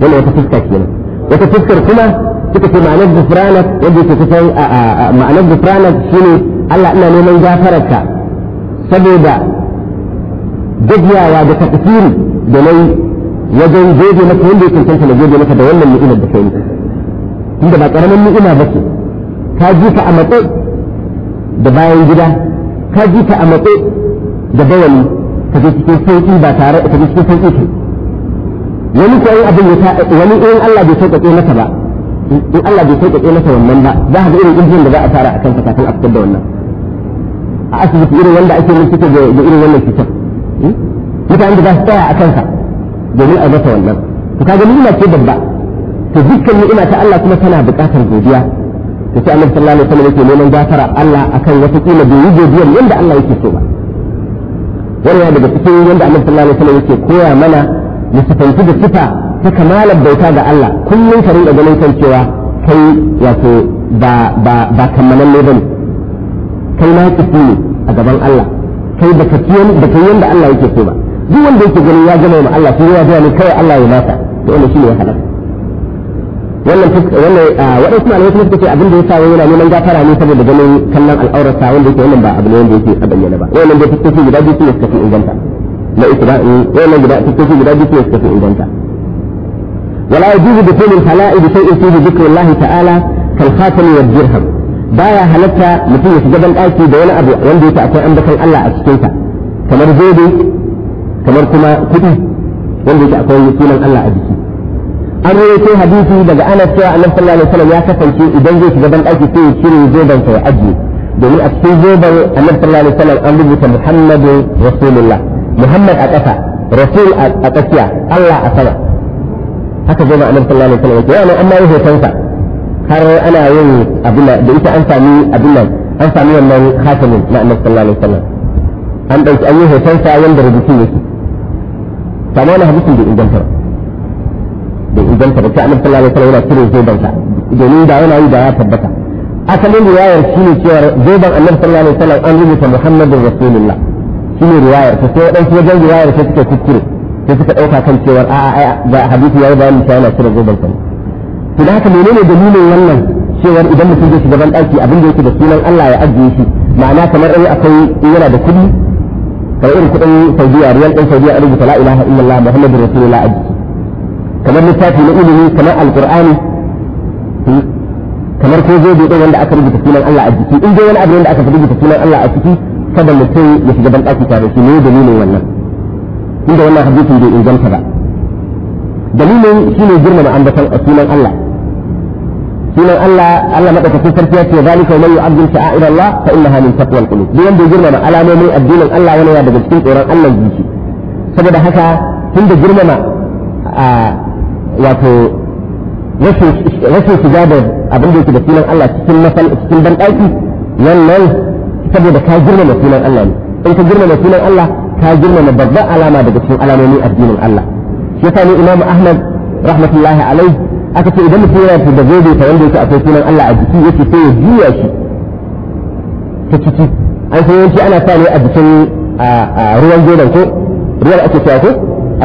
wannan wata fuska kenan wata fuskar kuma suka ce ma'anar gufranak yadda yake kusan ma'anar gufranak shine Allah ina neman gafararka saboda gajiyawa da takfiri da nayi wajen goge maka wanda ya cancanta na goge maka da wannan mu'imar da kai inda ba karamin ni'ima ba ce ka ji ka a matse da bayan gida ka ji ka a matse da bayani. ka je cikin sauki ba tare ka je cikin sauki ke wani ko abin ya wani in Allah bai sauƙaƙe masa ba in Allah bai sauƙaƙe masa wannan ba za ka ga irin injin da za a fara a kansa kafin a fitar da wannan a asibiti irin wanda ake mun fito da irin wannan cutar hmm? mutanen da za su tsaya a kansa domin a masa wannan ka ga ni ina ce babba to dukkan ni'ima ta Allah kuma tana buƙatar godiya to sai Annabi sallallahu alaihi wasallam yake neman gafara Allah akan wata kila bai yi godiyar yanda Allah yake so ba wannan daga cikin yanda Annabi sallallahu alaihi wasallam yake koya mana mu sifanci da sifa ta kamalar bauta ga Allah kullum ka rinka ganin kan cewa kai wato ba ba ba kammalan ne bane kai na kifi ne a gaban Allah kai da ka ciyan da kai yanda Allah yake so ba duk wanda yake ganin ya gama ma Allah sai ya ga ne kai Allah ya mata to wannan shine ya halaka wannan wannan ah, waɗansu malamai kuma suka ce abin da ya sa yana neman gafara ne saboda ganin kallon al'aurarsa wanda yake wannan ba abu ne wanda yake a bayyana ba wannan da fuskoki guda biyu ne suka inganta na isra'i eh, wannan guda fuskoki guda biyu ne suka fi inganta ولا يجوز دخول الخلاء بشيء فيه ذكر الله تعالى كالخاتم والدرهم baya halatta mutum ya shiga banɗaki da wani abu wanda yake akwai ambaton Allah a cikinsa kamar zobe kamar kuma kuɗi wanda yake akwai sunan Allah a jiki an yi rawaito hadisi daga Anas cewa Annabi sallallahu alaihi wasallam ya kasance idan zai shiga ban daki sai ya cire zoben sa ya ajiye domin a cikin zoben Annabi sallallahu alaihi wasallam an rubuta Muhammadu Rasulullah Muhammad a ƙasa Rasul a tsakiya Allah a sama haka zoben Annabi sallallahu alaihi wasallam ya yana amma yi hoton sa har ana yin abin da ita an sami abin nan an sami wannan khatamin na Annabi sallallahu alaihi wasallam an dauki an yi hoton sa yanda rubutun yake kamar na hadisin da inganta da inganta ba sai annabi sallallahu alaihi wasallam yana cire zobansa domin da yana yi da ya tabbata asalin riwayar shine cewa zoban annabi sallallahu alaihi wasallam an rubuta muhammadin rasulullah shine riwayar ta sai wadansu wajen riwayar sai suka kuskure sai suka dauka kan cewa a a'a da hadisi yayi bayani cewa yana cire zobansa to da haka menene dalilin wannan cewar idan mutum zai shiga ban daki abin da yake da sunan Allah ya ajiye shi ma'ana kamar in akwai yana da kuɗi kamar irin kuɗin Saudiya riyal ɗin Saudiya a rubuta la ilaha illallah Muhammadur Rasulullah a jiki kamar littafi na ilimi kamar alqur'ani kamar ko zai da wanda aka rubuta sunan Allah a jiki in dai wani abu wanda aka rubuta sunan Allah a ciki kada mutum ya shiga ban ɗaki tare shi ne dalilin wannan inda wannan hadisi bai inganta ba dalilin shine girmama ambatan sunan Allah sunan Allah Allah madaukakin sarki yace zalika man yu'addu sha'ira Allah fa innaha min taqwa al-qulub duk wanda girmama alamomin addinin Allah wani ya daga cikin tsoron Allah jiki saboda haka tunda girmama a ah, wato rashin shiga da abin da yake da sunan Allah cikin masal cikin banɗaki wannan saboda ka girmama sunan Allah ne in ka girmama sunan Allah ka girmama babban alama daga cikin alamomin addinin Allah shi yasa ne Imam Ahmad rahmatullahi alaihi aka ce idan mutum yana da zobe ta wanda yake akwai sunan Allah a jiki yake sai ya juya shi ta ciki an san yanci ana sa ne a jikin ruwan zoben ko ruwan ake cewa ko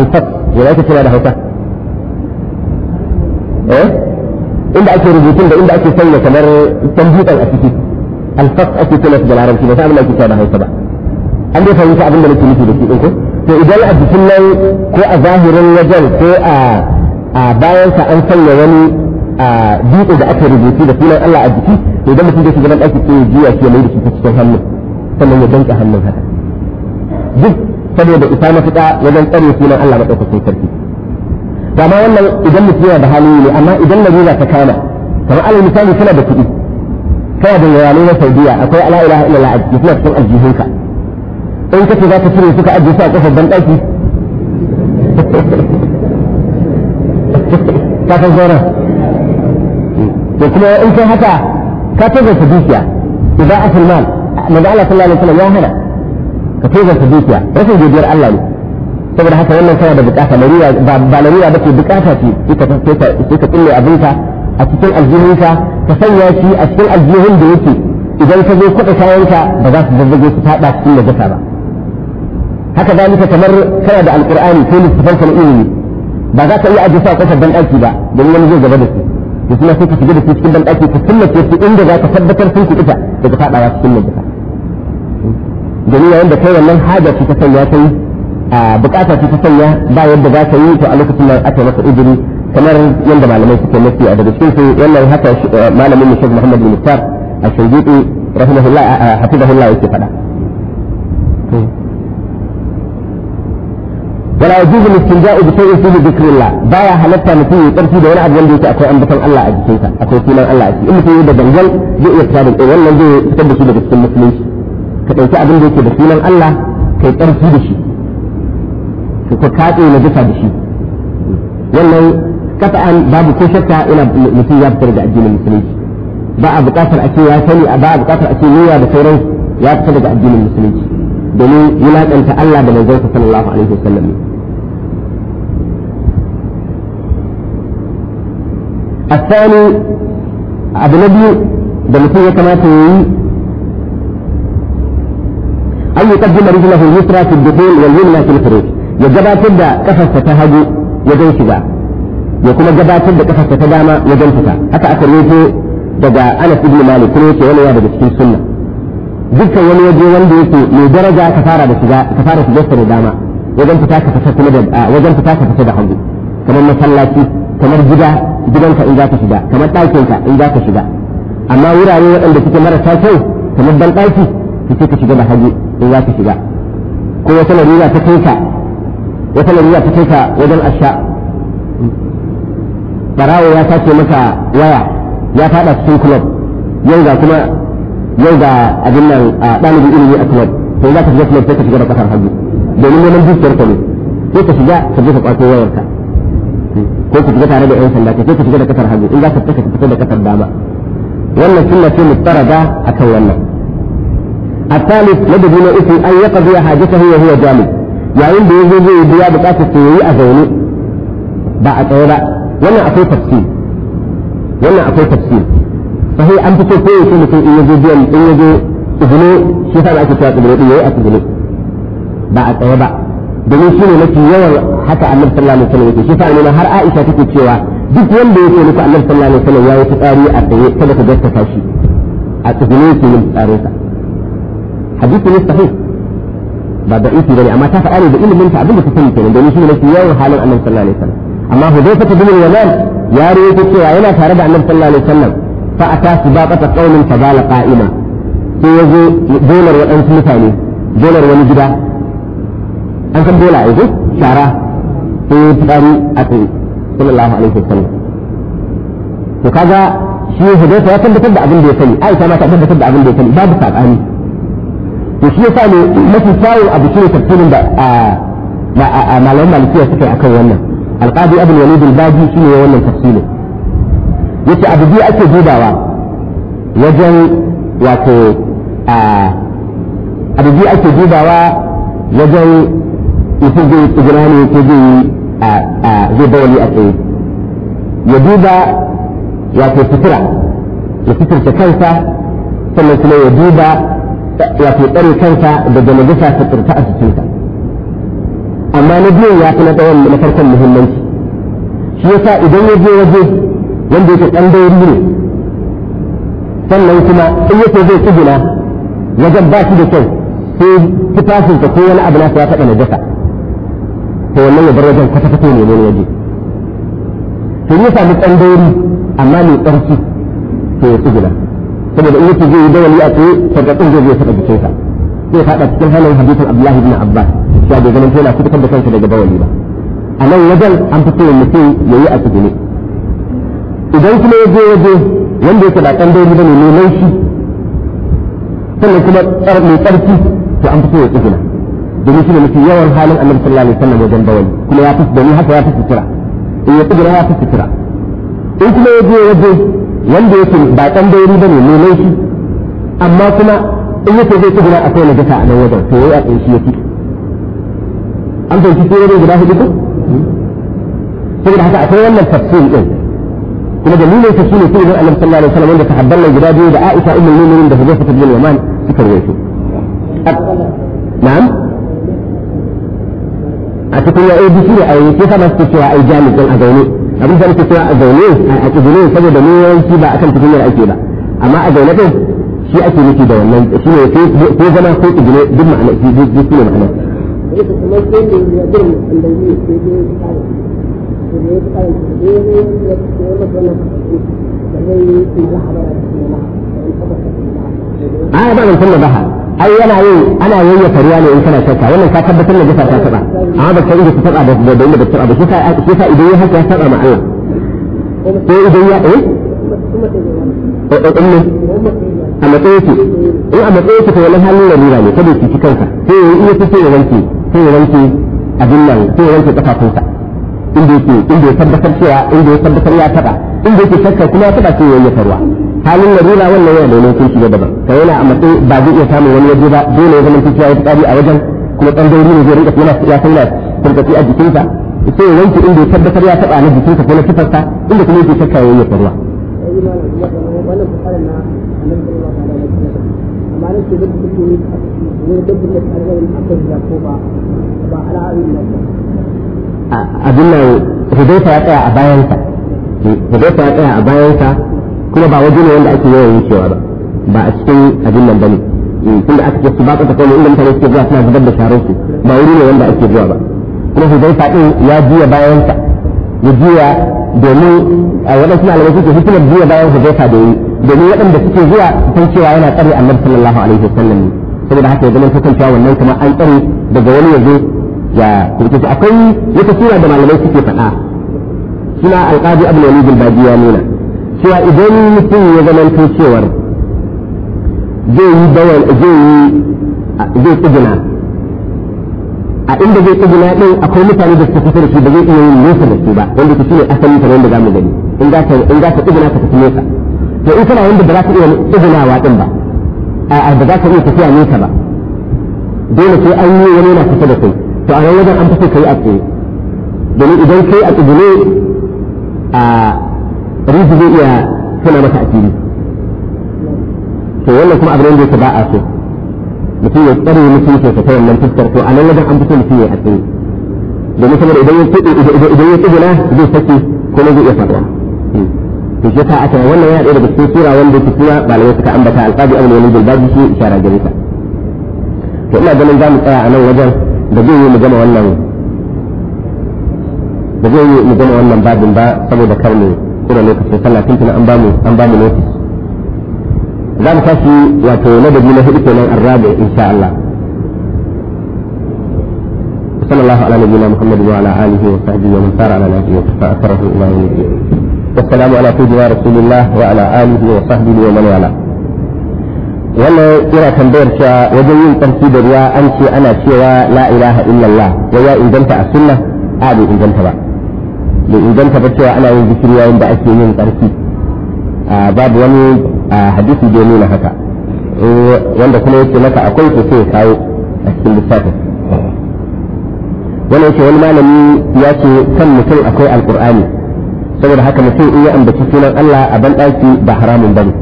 alfat yana ake cewa da Hausa Eh? inda ake rubutun da inda ake sanya kamar tambutan a ciki alfas ake kula da larabci ba sai abin da ake da hausa ba an dai fahimta abin da nake nufi da shi din ko to idan a jikin nan ko a zahirin wajen ko a a bayan sa an sanya wani a dutse da aka rubutu da sunan Allah a jiki to idan mutum zai shiga nan ɗaki sai ya juya shi ya mai da shi cikin hannu sannan ya danka hannun haka duk saboda isa mafita wajen tsare sunan Allah madaukakin sarki ba ma wannan idan mutum yana da hali ne amma idan na larura ta kama kamar alal misali kana da kuɗi kana da yawalai na saudiya akwai ala ilaha illallah a cikin cikin aljihunka in kace za ka cire suka ajiye su a kofar banɗaki (laughs) ka san sauran da kuma in kai haka ka tazarta dukiya idan asul mal manzo Allah sallallahu alaihi wasallam ya hana ka tazarta dukiya rashin godiyar Allah ne saboda haka wannan tana da bukata ba lariya ba ce bukata ce sai ka kulle abinka a cikin aljihunka ka sanya shi a cikin aljihun da yake idan ka zo kuɗa kayanka ba za su zazzage su faɗa cikin najasa ba haka zalika kamar kana da alƙur'ani ko littafan kan ilimi ba za ka iya ajiye sa kofar dan ɗaki ba don wani zai gaba da su da kuma sai ka shiga da su cikin dan ɗaki ka killace su inda za ka tabbatar sun kuɗa daga faɗawa cikin najasa domin yayin da kai wannan haja ce ta sanya yi. a bukata ta sanya ba yadda za ta yi to a lokacin nan aka masa izini kamar yadda malamai suke nufi a daga cikin su wannan haka eh, malamin ne Sheikh Muhammad bin Musa al-Shaydi rahimahullah eh, eh, hafizahullah yake fada wala yajibu al-istinja'u bi shay'in fi dhikrillah baya halatta mutum ya karfi da wani abu wanda yake akwai ambaton Allah a jikinsa akwai sunan Allah a cikin mutum da dangal zai iya tsare da wannan zai fitar da shi cikin musulunci ka dauki abin da yake da sunan Allah kai karfi da shi su ku tatse na jisa da shi wannan kafa'an babu ko shakka ina mutum ya fitar da addinin musulunci ba a buƙatar a ce ya sani ba a buƙatar a ce niyya da sauran ya fita daga addinin musulunci domin wulaƙanta Allah da manzon sallallahu alaihi wasallam الثاني abu na biyu da mutum ya kamata ya yi an yi kaddamar rijilahu yusra fi dukhul wal yumna fi al-khuruj ya gabatar da kafarsa ta hagu wajen shiga ya kuma gabatar da kafarsa ta dama wajen fita haka aka rufe daga Anas ibn Malik kuma yake wani daga cikin sunna dukkan wani waje wanda yake mai daraja ka fara da shiga ka fara shigar da dama wajen fita ka fita kuma da wajen fita ka fita da hagu kamar masallaci kamar gida gidanka in za ka shiga kamar ɗakinka in za ka shiga amma wurare waɗanda suke marasa kyau kamar ban ɗaki ka ce ka shiga da hagu in za ka shiga ko wata larura ta kai ka wata lalura ta kai ka wajen asha barawo ya sace maka waya ya fada cikin club yau ga kuma yau ga abin nan a ɗalibin ilimi a club to za ka shiga club sai ka shiga da kasar hannu domin neman dukiyar ka ne sai ka shiga ka je ka kwato wayar ka ko ka shiga tare da yan sanda ka sai ka shiga da kasar hannu in za ka fita ka fita da kasar dama wannan sunna ce mutarada akan wannan الثالث لابد من أن يقضي حاجته وهو جامد yayin da yazo zai biya bukatar ta yi a zaune ba a tsaye ba wannan akwai tafsir wannan akwai tafsir sai an fito ko yake mutum in yazo biyan in yaje ibnu shi sa ake cewa ibnu yayi a tsibiri ba a tsaye ba domin shine mafi yawan haka annabi sallallahu alaihi wasallam yake shi sa ne har Aisha take cewa duk wanda yake nufi annabi sallallahu alaihi wasallam yayi fitsari a tsaye kada ka gaskata shi a tsibiri yake yin fitsarinsa hadisi ne sahih ba da isi bane amma ta faɗa ne da ilimin ta abin da ta sani kenan domin shi ne mafi yawan halin annabi sallallahu alaihi wasallam amma hudayfa ta bin yaman ya rawaito cewa yana tare da annabi sallallahu alaihi wasallam fa ata sibaqata qaumin fa zala qa'ima sai ya zo dolar waɗansu mutane dolar wani gida an san dola ai eh shara sai ya fitari a kai sallallahu alaihi wasallam to kaga shi hudayfa ya tabbatar da abin da ya sani aisha ma ta tabbatar da abin da ya sani babu sabani to shi yasa ne mafi kyawun abu shi ne tafsirin da malaman malikiya suka yi akan wannan alqadi abul walid al-baji shi ne wannan tafsirin yace abu biyu ake dubawa wajen wato abu biyu ake dubawa wajen mutum zai tsibira ne ko zai zai bawali a tsaye ya duba wato sutura ya kansa sannan kuma ya duba wato tsare kansa da najasa ta tsirta a jikinsa amma na biyu ya fi na tsawon na farkon muhimmanci shi yasa idan ya je waje wanda yake ɗan dauri ne sannan kuma in yake zai tsibina wajen ba shi da kyau sai tufafinsa ko wani abu nasa ya taɓa najasa to wannan ya bar wajen kwata-kwata ne wani waje to ya mu ɗan amma mai tsarki to ya tsibina saboda in yake zai yi dawali a tsaye sarƙaƙin zai zai saka jikinsa zai faɗa cikin halin hadisin abdullahi bin abbas cewa bai ganin tana fitar da kansa daga dawali ba a nan wajen an fi yin mutum ya yi a tsugune idan kuma ya je waje wanda yake ba ɗan dawali ba mai laushi sannan kuma mai tsarki to an fi ya tsuguna domin shi ne mafi yawan halin annabi sallallahu alaihi wasallam wajen dawali kuma ya fi domin haka ya fi sutura in eh, ya ya fi sutura in kuma ya je waje wanda yake ba ɗan dauri ba ne ne laifi amma kuma in yake zai ci guda akwai najasa a nan wajen to yayi a tsaye shi yafi an fahimci tsere ne guda hudu ko da haka akwai wannan tafsir din kuma dalilin sa shine sai Annabi sallallahu alaihi wasallam da sahabban guda biyu da Aisha ummul mu'minin da Hudayfa bin Yaman suka rawaito na'am a cikin ya ABC ne a yanzu sai cewa ai jami'in a zaune abin da nake cewa a zaune a tsibiri saboda ne yawanci ba akan tukunyar ake ba amma a zaune din shi ake nufi da wannan shi ne ko zama ko tsibiri duk ma'ana shi duk shi ne ma'ana a ba ban san da baha ai yana yin ana yayya ruwa ne in kana shakka wannan ka tabbatar da jifa ta taba amma ba ka yi ta taba da da da ba taba ba shi sa shi sa idan ya haka ya taba ma Allah ko idan ya eh eh, eh, eh, eh. a matsayin ki in a matsayin ki to wallahi halin da lalura ne kada ki ci kanka sai ya iya sai ya wanke sai ya wanke abin nan sai ya wanke kafafunsa inda yake inda ya tabbatar cewa inda ya tabbatar ya taba inda yake shakka kuma ya taɓa sai ya farwa halin larura wannan yana da lokacin shi shiga daban ka yana a matsayi ba zai iya samun wani waje ba dole ya zama cewa ya tsari a wajen kuma dauri ne zai rinka kuma ya sauna turkaci a jikinsa sai ya wanke inda ya tabbatar ya taɓa na jikinsa ko na tufarsa inda kuma yake shakka ya farwa. abin nan hudaifa ya tsaya a bayansa hudaifa ya tsaya a bayansa kuma ba waje ne wanda ake yawan wucewa ba ba a cikin abin nan bane eh, tunda aka ce su ba ta kome inda mutane suke zuwa suna zubar da sharar su ba wuri ne wanda ake zuwa ba kuma hudaifa din ya juya bayansa ya juya domin a waɗansu malamai suke hikimar juya bayan hudaifa da yi domin waɗanda suke zuwa san cewa yana tsare annabi sallallahu alaihi wa wasallam saboda haka ya zama kasancewa wannan kamar an tsare daga wani ya zo ya kuma akwai wata sura da malamai suke faɗa suna alƙadi abin wani baji ya nuna cewa idan mutum ya zamanto cewar zai yi bayan zai yi zai tsuguna a inda zai tsuguna ɗin akwai mutane da suka kusa da shi ba zai iya yin nesa da su ba wanda su shine asali kamar yadda za mu gani in za ta tsuguna ka tafi nesa to in kana wanda ba za ka iya wa ɗin ba a ba za ka iya tafiya nesa ba dole sai an yi wani na kusa da kai to a nan wajen an fi kai a tsaye domin idan kai a tsugune a rufi zai iya tuna masa asiri to wannan kuma abin da yake ba a so mutum ya tsare mutum ke ta wannan fuskar to a nan wajen an fito mutum ya asiri domin saboda idan ya tuɗe idan ya na zai sake kuma zai iya faruwa hmm. to shi ta aka wannan ya ɗaya daga cikin sura wanda yake sura malamai suka ambata alƙadi abin wani gulbaji shi ishara gare ta to ina ganin za mu tsaya a nan wajen da zai yi mu gama wannan ba zai yi mu gama wannan babin ba saboda kar mu kura lokacin sallah tun tun an ba mu an ba mu lokaci za mu tashi wato na da na hudu kenan arrabi insha Allah ala الله على نبينا محمد وعلى اله وصحبه ومن سار على نهجه ala اثره الى ala الدين. والسلام على سيدنا رسول الله وعلى اله وصحبه ومن والاه. wannan kira tambayar cewa wajen yin tsarki da ruwa an ce ana cewa la ilaha illallah wa ya inganta a sunna a bai inganta ba idan ta ba cewa ana yin zikiri yayin da ake yin ƙarfi babu wani hadisi da nuna haka eh, wanda kuma yake maka akwai ko sai kawo a cikin littafin wani yake wani malami ya ce kan mutum akwai alkur'ani saboda haka mutum in ya ambaci sunan Allah a ban ɗaki ba haramun bane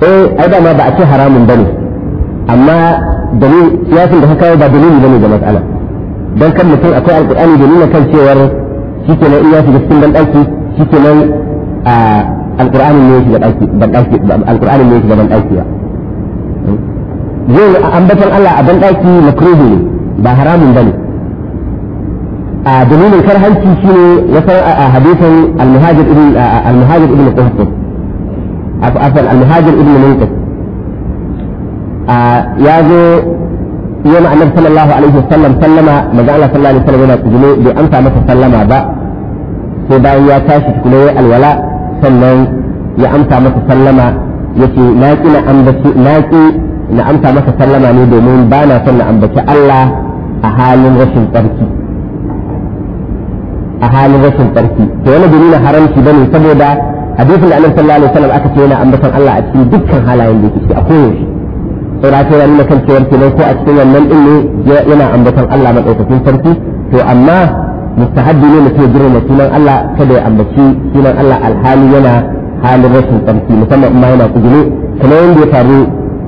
eh ai da ma ba a ce haramun bane amma dalil siyasin da haka ba dalili bane ga matsala dan kan mutum akwai alkur'ani da nuna kan cewar shike nan iya shiga cikin dan daki shike nan alqur'anin ne shiga daki dan daki alqur'anin ne shiga dan daki ba yin ambaton Allah a ban daki makruhu ne ba haramun bane a dalilin karhanci shine ya san a hadisin al-muhajir ibn al-muhajir ibn qahtan afan al-muhajir ibn munqas ya zo yana annabi sallallahu alaihi wasallam sallama maza Allah sallallahu alaihi wasallam yana tsugune bai amsa masa sallama ba sai bayan ya tashi tukuna ya alwala sannan ya amsa masa sallama ce na ki na ambaci na ki na amsa masa sallama ne domin ba na son na ambaci Allah a halin rashin tsarki a halin rashin tsarki to wani dalilin haramci bane saboda hadisin da annabi sallallahu alaihi wasallam aka ce yana ambaton Allah a cikin dukkan halayen da yake a koyaushe saboda ta nuna kan cewar kenan ko a cikin wannan din ne yana ambaton Allah madaukakin sarki to amma mustahabbi ne mutum ya da sunan Allah kada ya ambaci sunan Allah alhali yana halin rashin tsarki musamman ma yana kujule kamar yadda ya faru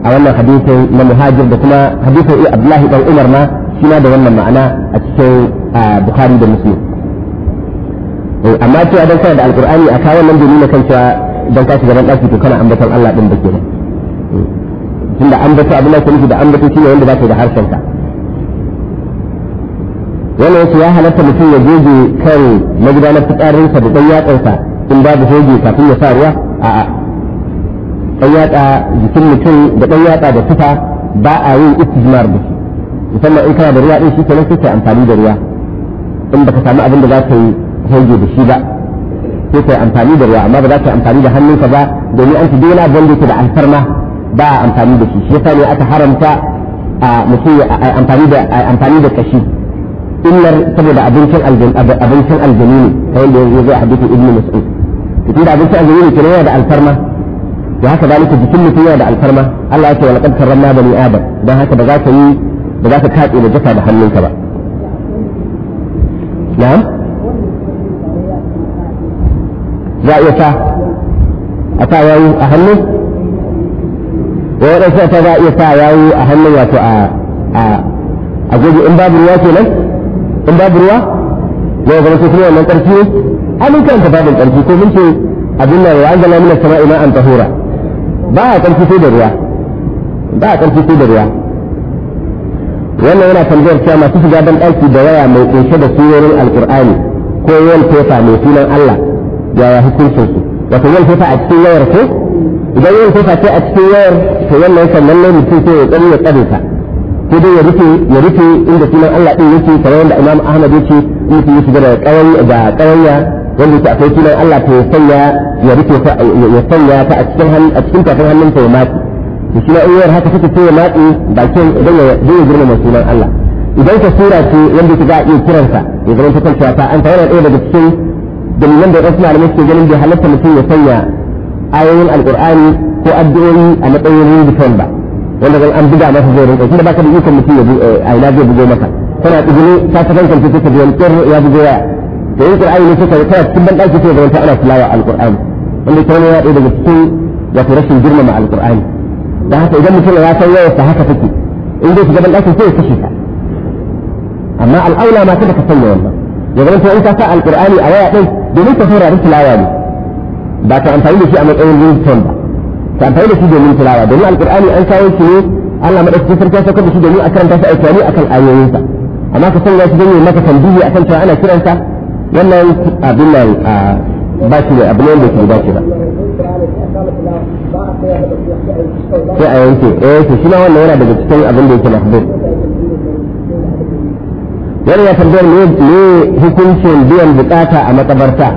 a wannan hadisin na muhajir da kuma hadisin Abdullahi dan Umar ma shi da wannan ma'ana a cikin Bukhari da Muslim eh, amma cewa don kana da alqur'ani a kawo nan domin kan cewa dan ka shiga dan daki to kana ambaton Allah din da kenan eh, tunda ambato abin da yake da ambato shine wanda zaka yi da harshen wanda yake ya halatta mutum ya goge kan magudanar fitsarinsa da ɗan yatsarsa in babu hoge kafin ya sa ruwa a'a ɗan yatsa jikin mutum da ɗan yatsa da tufa ba a yin istijmar da shi musamman in kana da ruwa ɗin shi kenan sai kai amfani da ruwa in baka samu abin da za ka yi hoge da shi ba sai ka amfani da ruwa amma ba za ka amfani da hannunka ba domin an fi dole abin da yake da alfarma ba a amfani da shi shi yasa ne aka haramta a mutum amfani da kashi إلا سبب الجنين الجن أبنتن الجنين هاي اللي يزع حديث ابن مسعود تقول أبنتن الجنين كنية دع الفرمة وهكذا ذلك بكل فيها دع الفرمة الله يقول ولقد كرمنا بني آدم ده هكذا بغاك يي بغاك كاتئ لجفع بحمل كبا نعم رأي أتا أتا ياو أهل ورأي أتا رأي أتا ياو أهل واتو أ أ أقول إن باب رواتي لك in babu ruwa ya zama sai kuma wannan ƙarfi ne an karanta babin ƙarfi ko mun ce abin nan ya anzala min as-sama'i ma'an tahura ba a ƙarfi sai da ruwa ba a ƙarfi sai da ruwa wannan yana tambayar cewa masu shiga ban ɗaki da waya mai ƙunshe da surorin alƙur'ani ko yawan tefa mai sunan Allah ya yaya hukuncin su wato yawan tefa a cikin wayar ko idan yawan tefa ce a cikin wayar to wannan sannan ne mutum sai ya tsare ya tsare ta ko dai ya rufe ya rufe inda sunan Allah din yake kamar yadda Imam Ahmad yake in su yi da kawai da kawaiya wanda yake akwai sunan Allah ta ya sanya ya rufe ya sanya ta a cikin hannun a cikin tafin hannun ta ya matsi da shi na uwar haka take ce ya matsi bakin idan ya zai girmama sunan Allah idan ka sura ce wanda ta ga iya kiransa ya zama ta kanta ta an tayar da daga cikin dalilan da wasu malamai suke ganin bai halatta mutum ya sanya ayoyin al'kur'ani ko addu'o'i a matsayin rubutun ba wanda zan an buga masa zai rinka tunda baka da ikon mutum ya a ina zai bugo maka kana tsibiri ta ta kankan ta ta biyan tsir ya bugo ya da yin qur'ani ne suka kai cikin ban daki sai da wata ana tilawa alqur'ani wanda kai ne ya daga cikin wato rashin girmama alqur'ani da haka idan mutum ya san yawa ta haka take in dai shiga ban daki sai ya kashe ka amma al'aula ma kada ka sanya wannan ya zama in ka sa alqur'ani a waya din domin ka saurari tilawa ne ba ta amfani da shi a matsayin ringtone ba ka amfani da su domin tilawa domin alqur'ani an kawo shi ne Allah madaukakin sarki ya saukar da su domin a karanta shi a akan ayoyinsa amma ka ya shi don maka tambihi akan cewa ana kiransa wannan abin nan ba shi ne abin da ke dace ba sai a yanke eh to shi ma wannan yana daga cikin abin da yake mahbub wani ya tambayar ne ne hukuncin biyan bukata a makabarta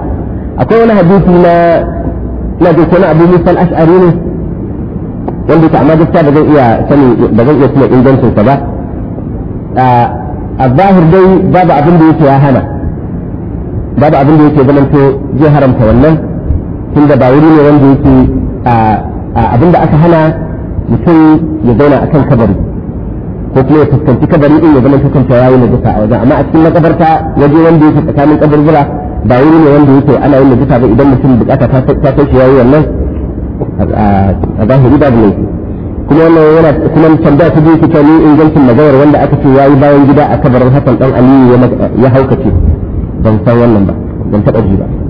akwai wani hadisi na na dukkan abu musal ash'ari ne wanda ta amma gaskiya ba zan iya sani ba zan iya kuma ingancin sa ba a zahir dai babu abin da yake ya hana babu abin da yake zamanto zai haramta wannan tunda ba wuri ne wanda yake abin da aka hana mutum ya zauna akan kabari ko kuma ya fuskanci kabari din ya zama cikin tawayi na duka a wajen amma a cikin makabarta waje wanda yake tsakanin kaburbura ba wuri ne wanda yake ana yin da duka ba idan mutum bukata ta kai shi yayi wannan a zahiri babu laifi kuma wannan yana kuma tambaya ta biyu kuka ni ingancin maganar wanda aka ce yayi bayan gida a kabarin Hassan dan Aliyu ya haukace ban san wannan ba ban taɓa ji ba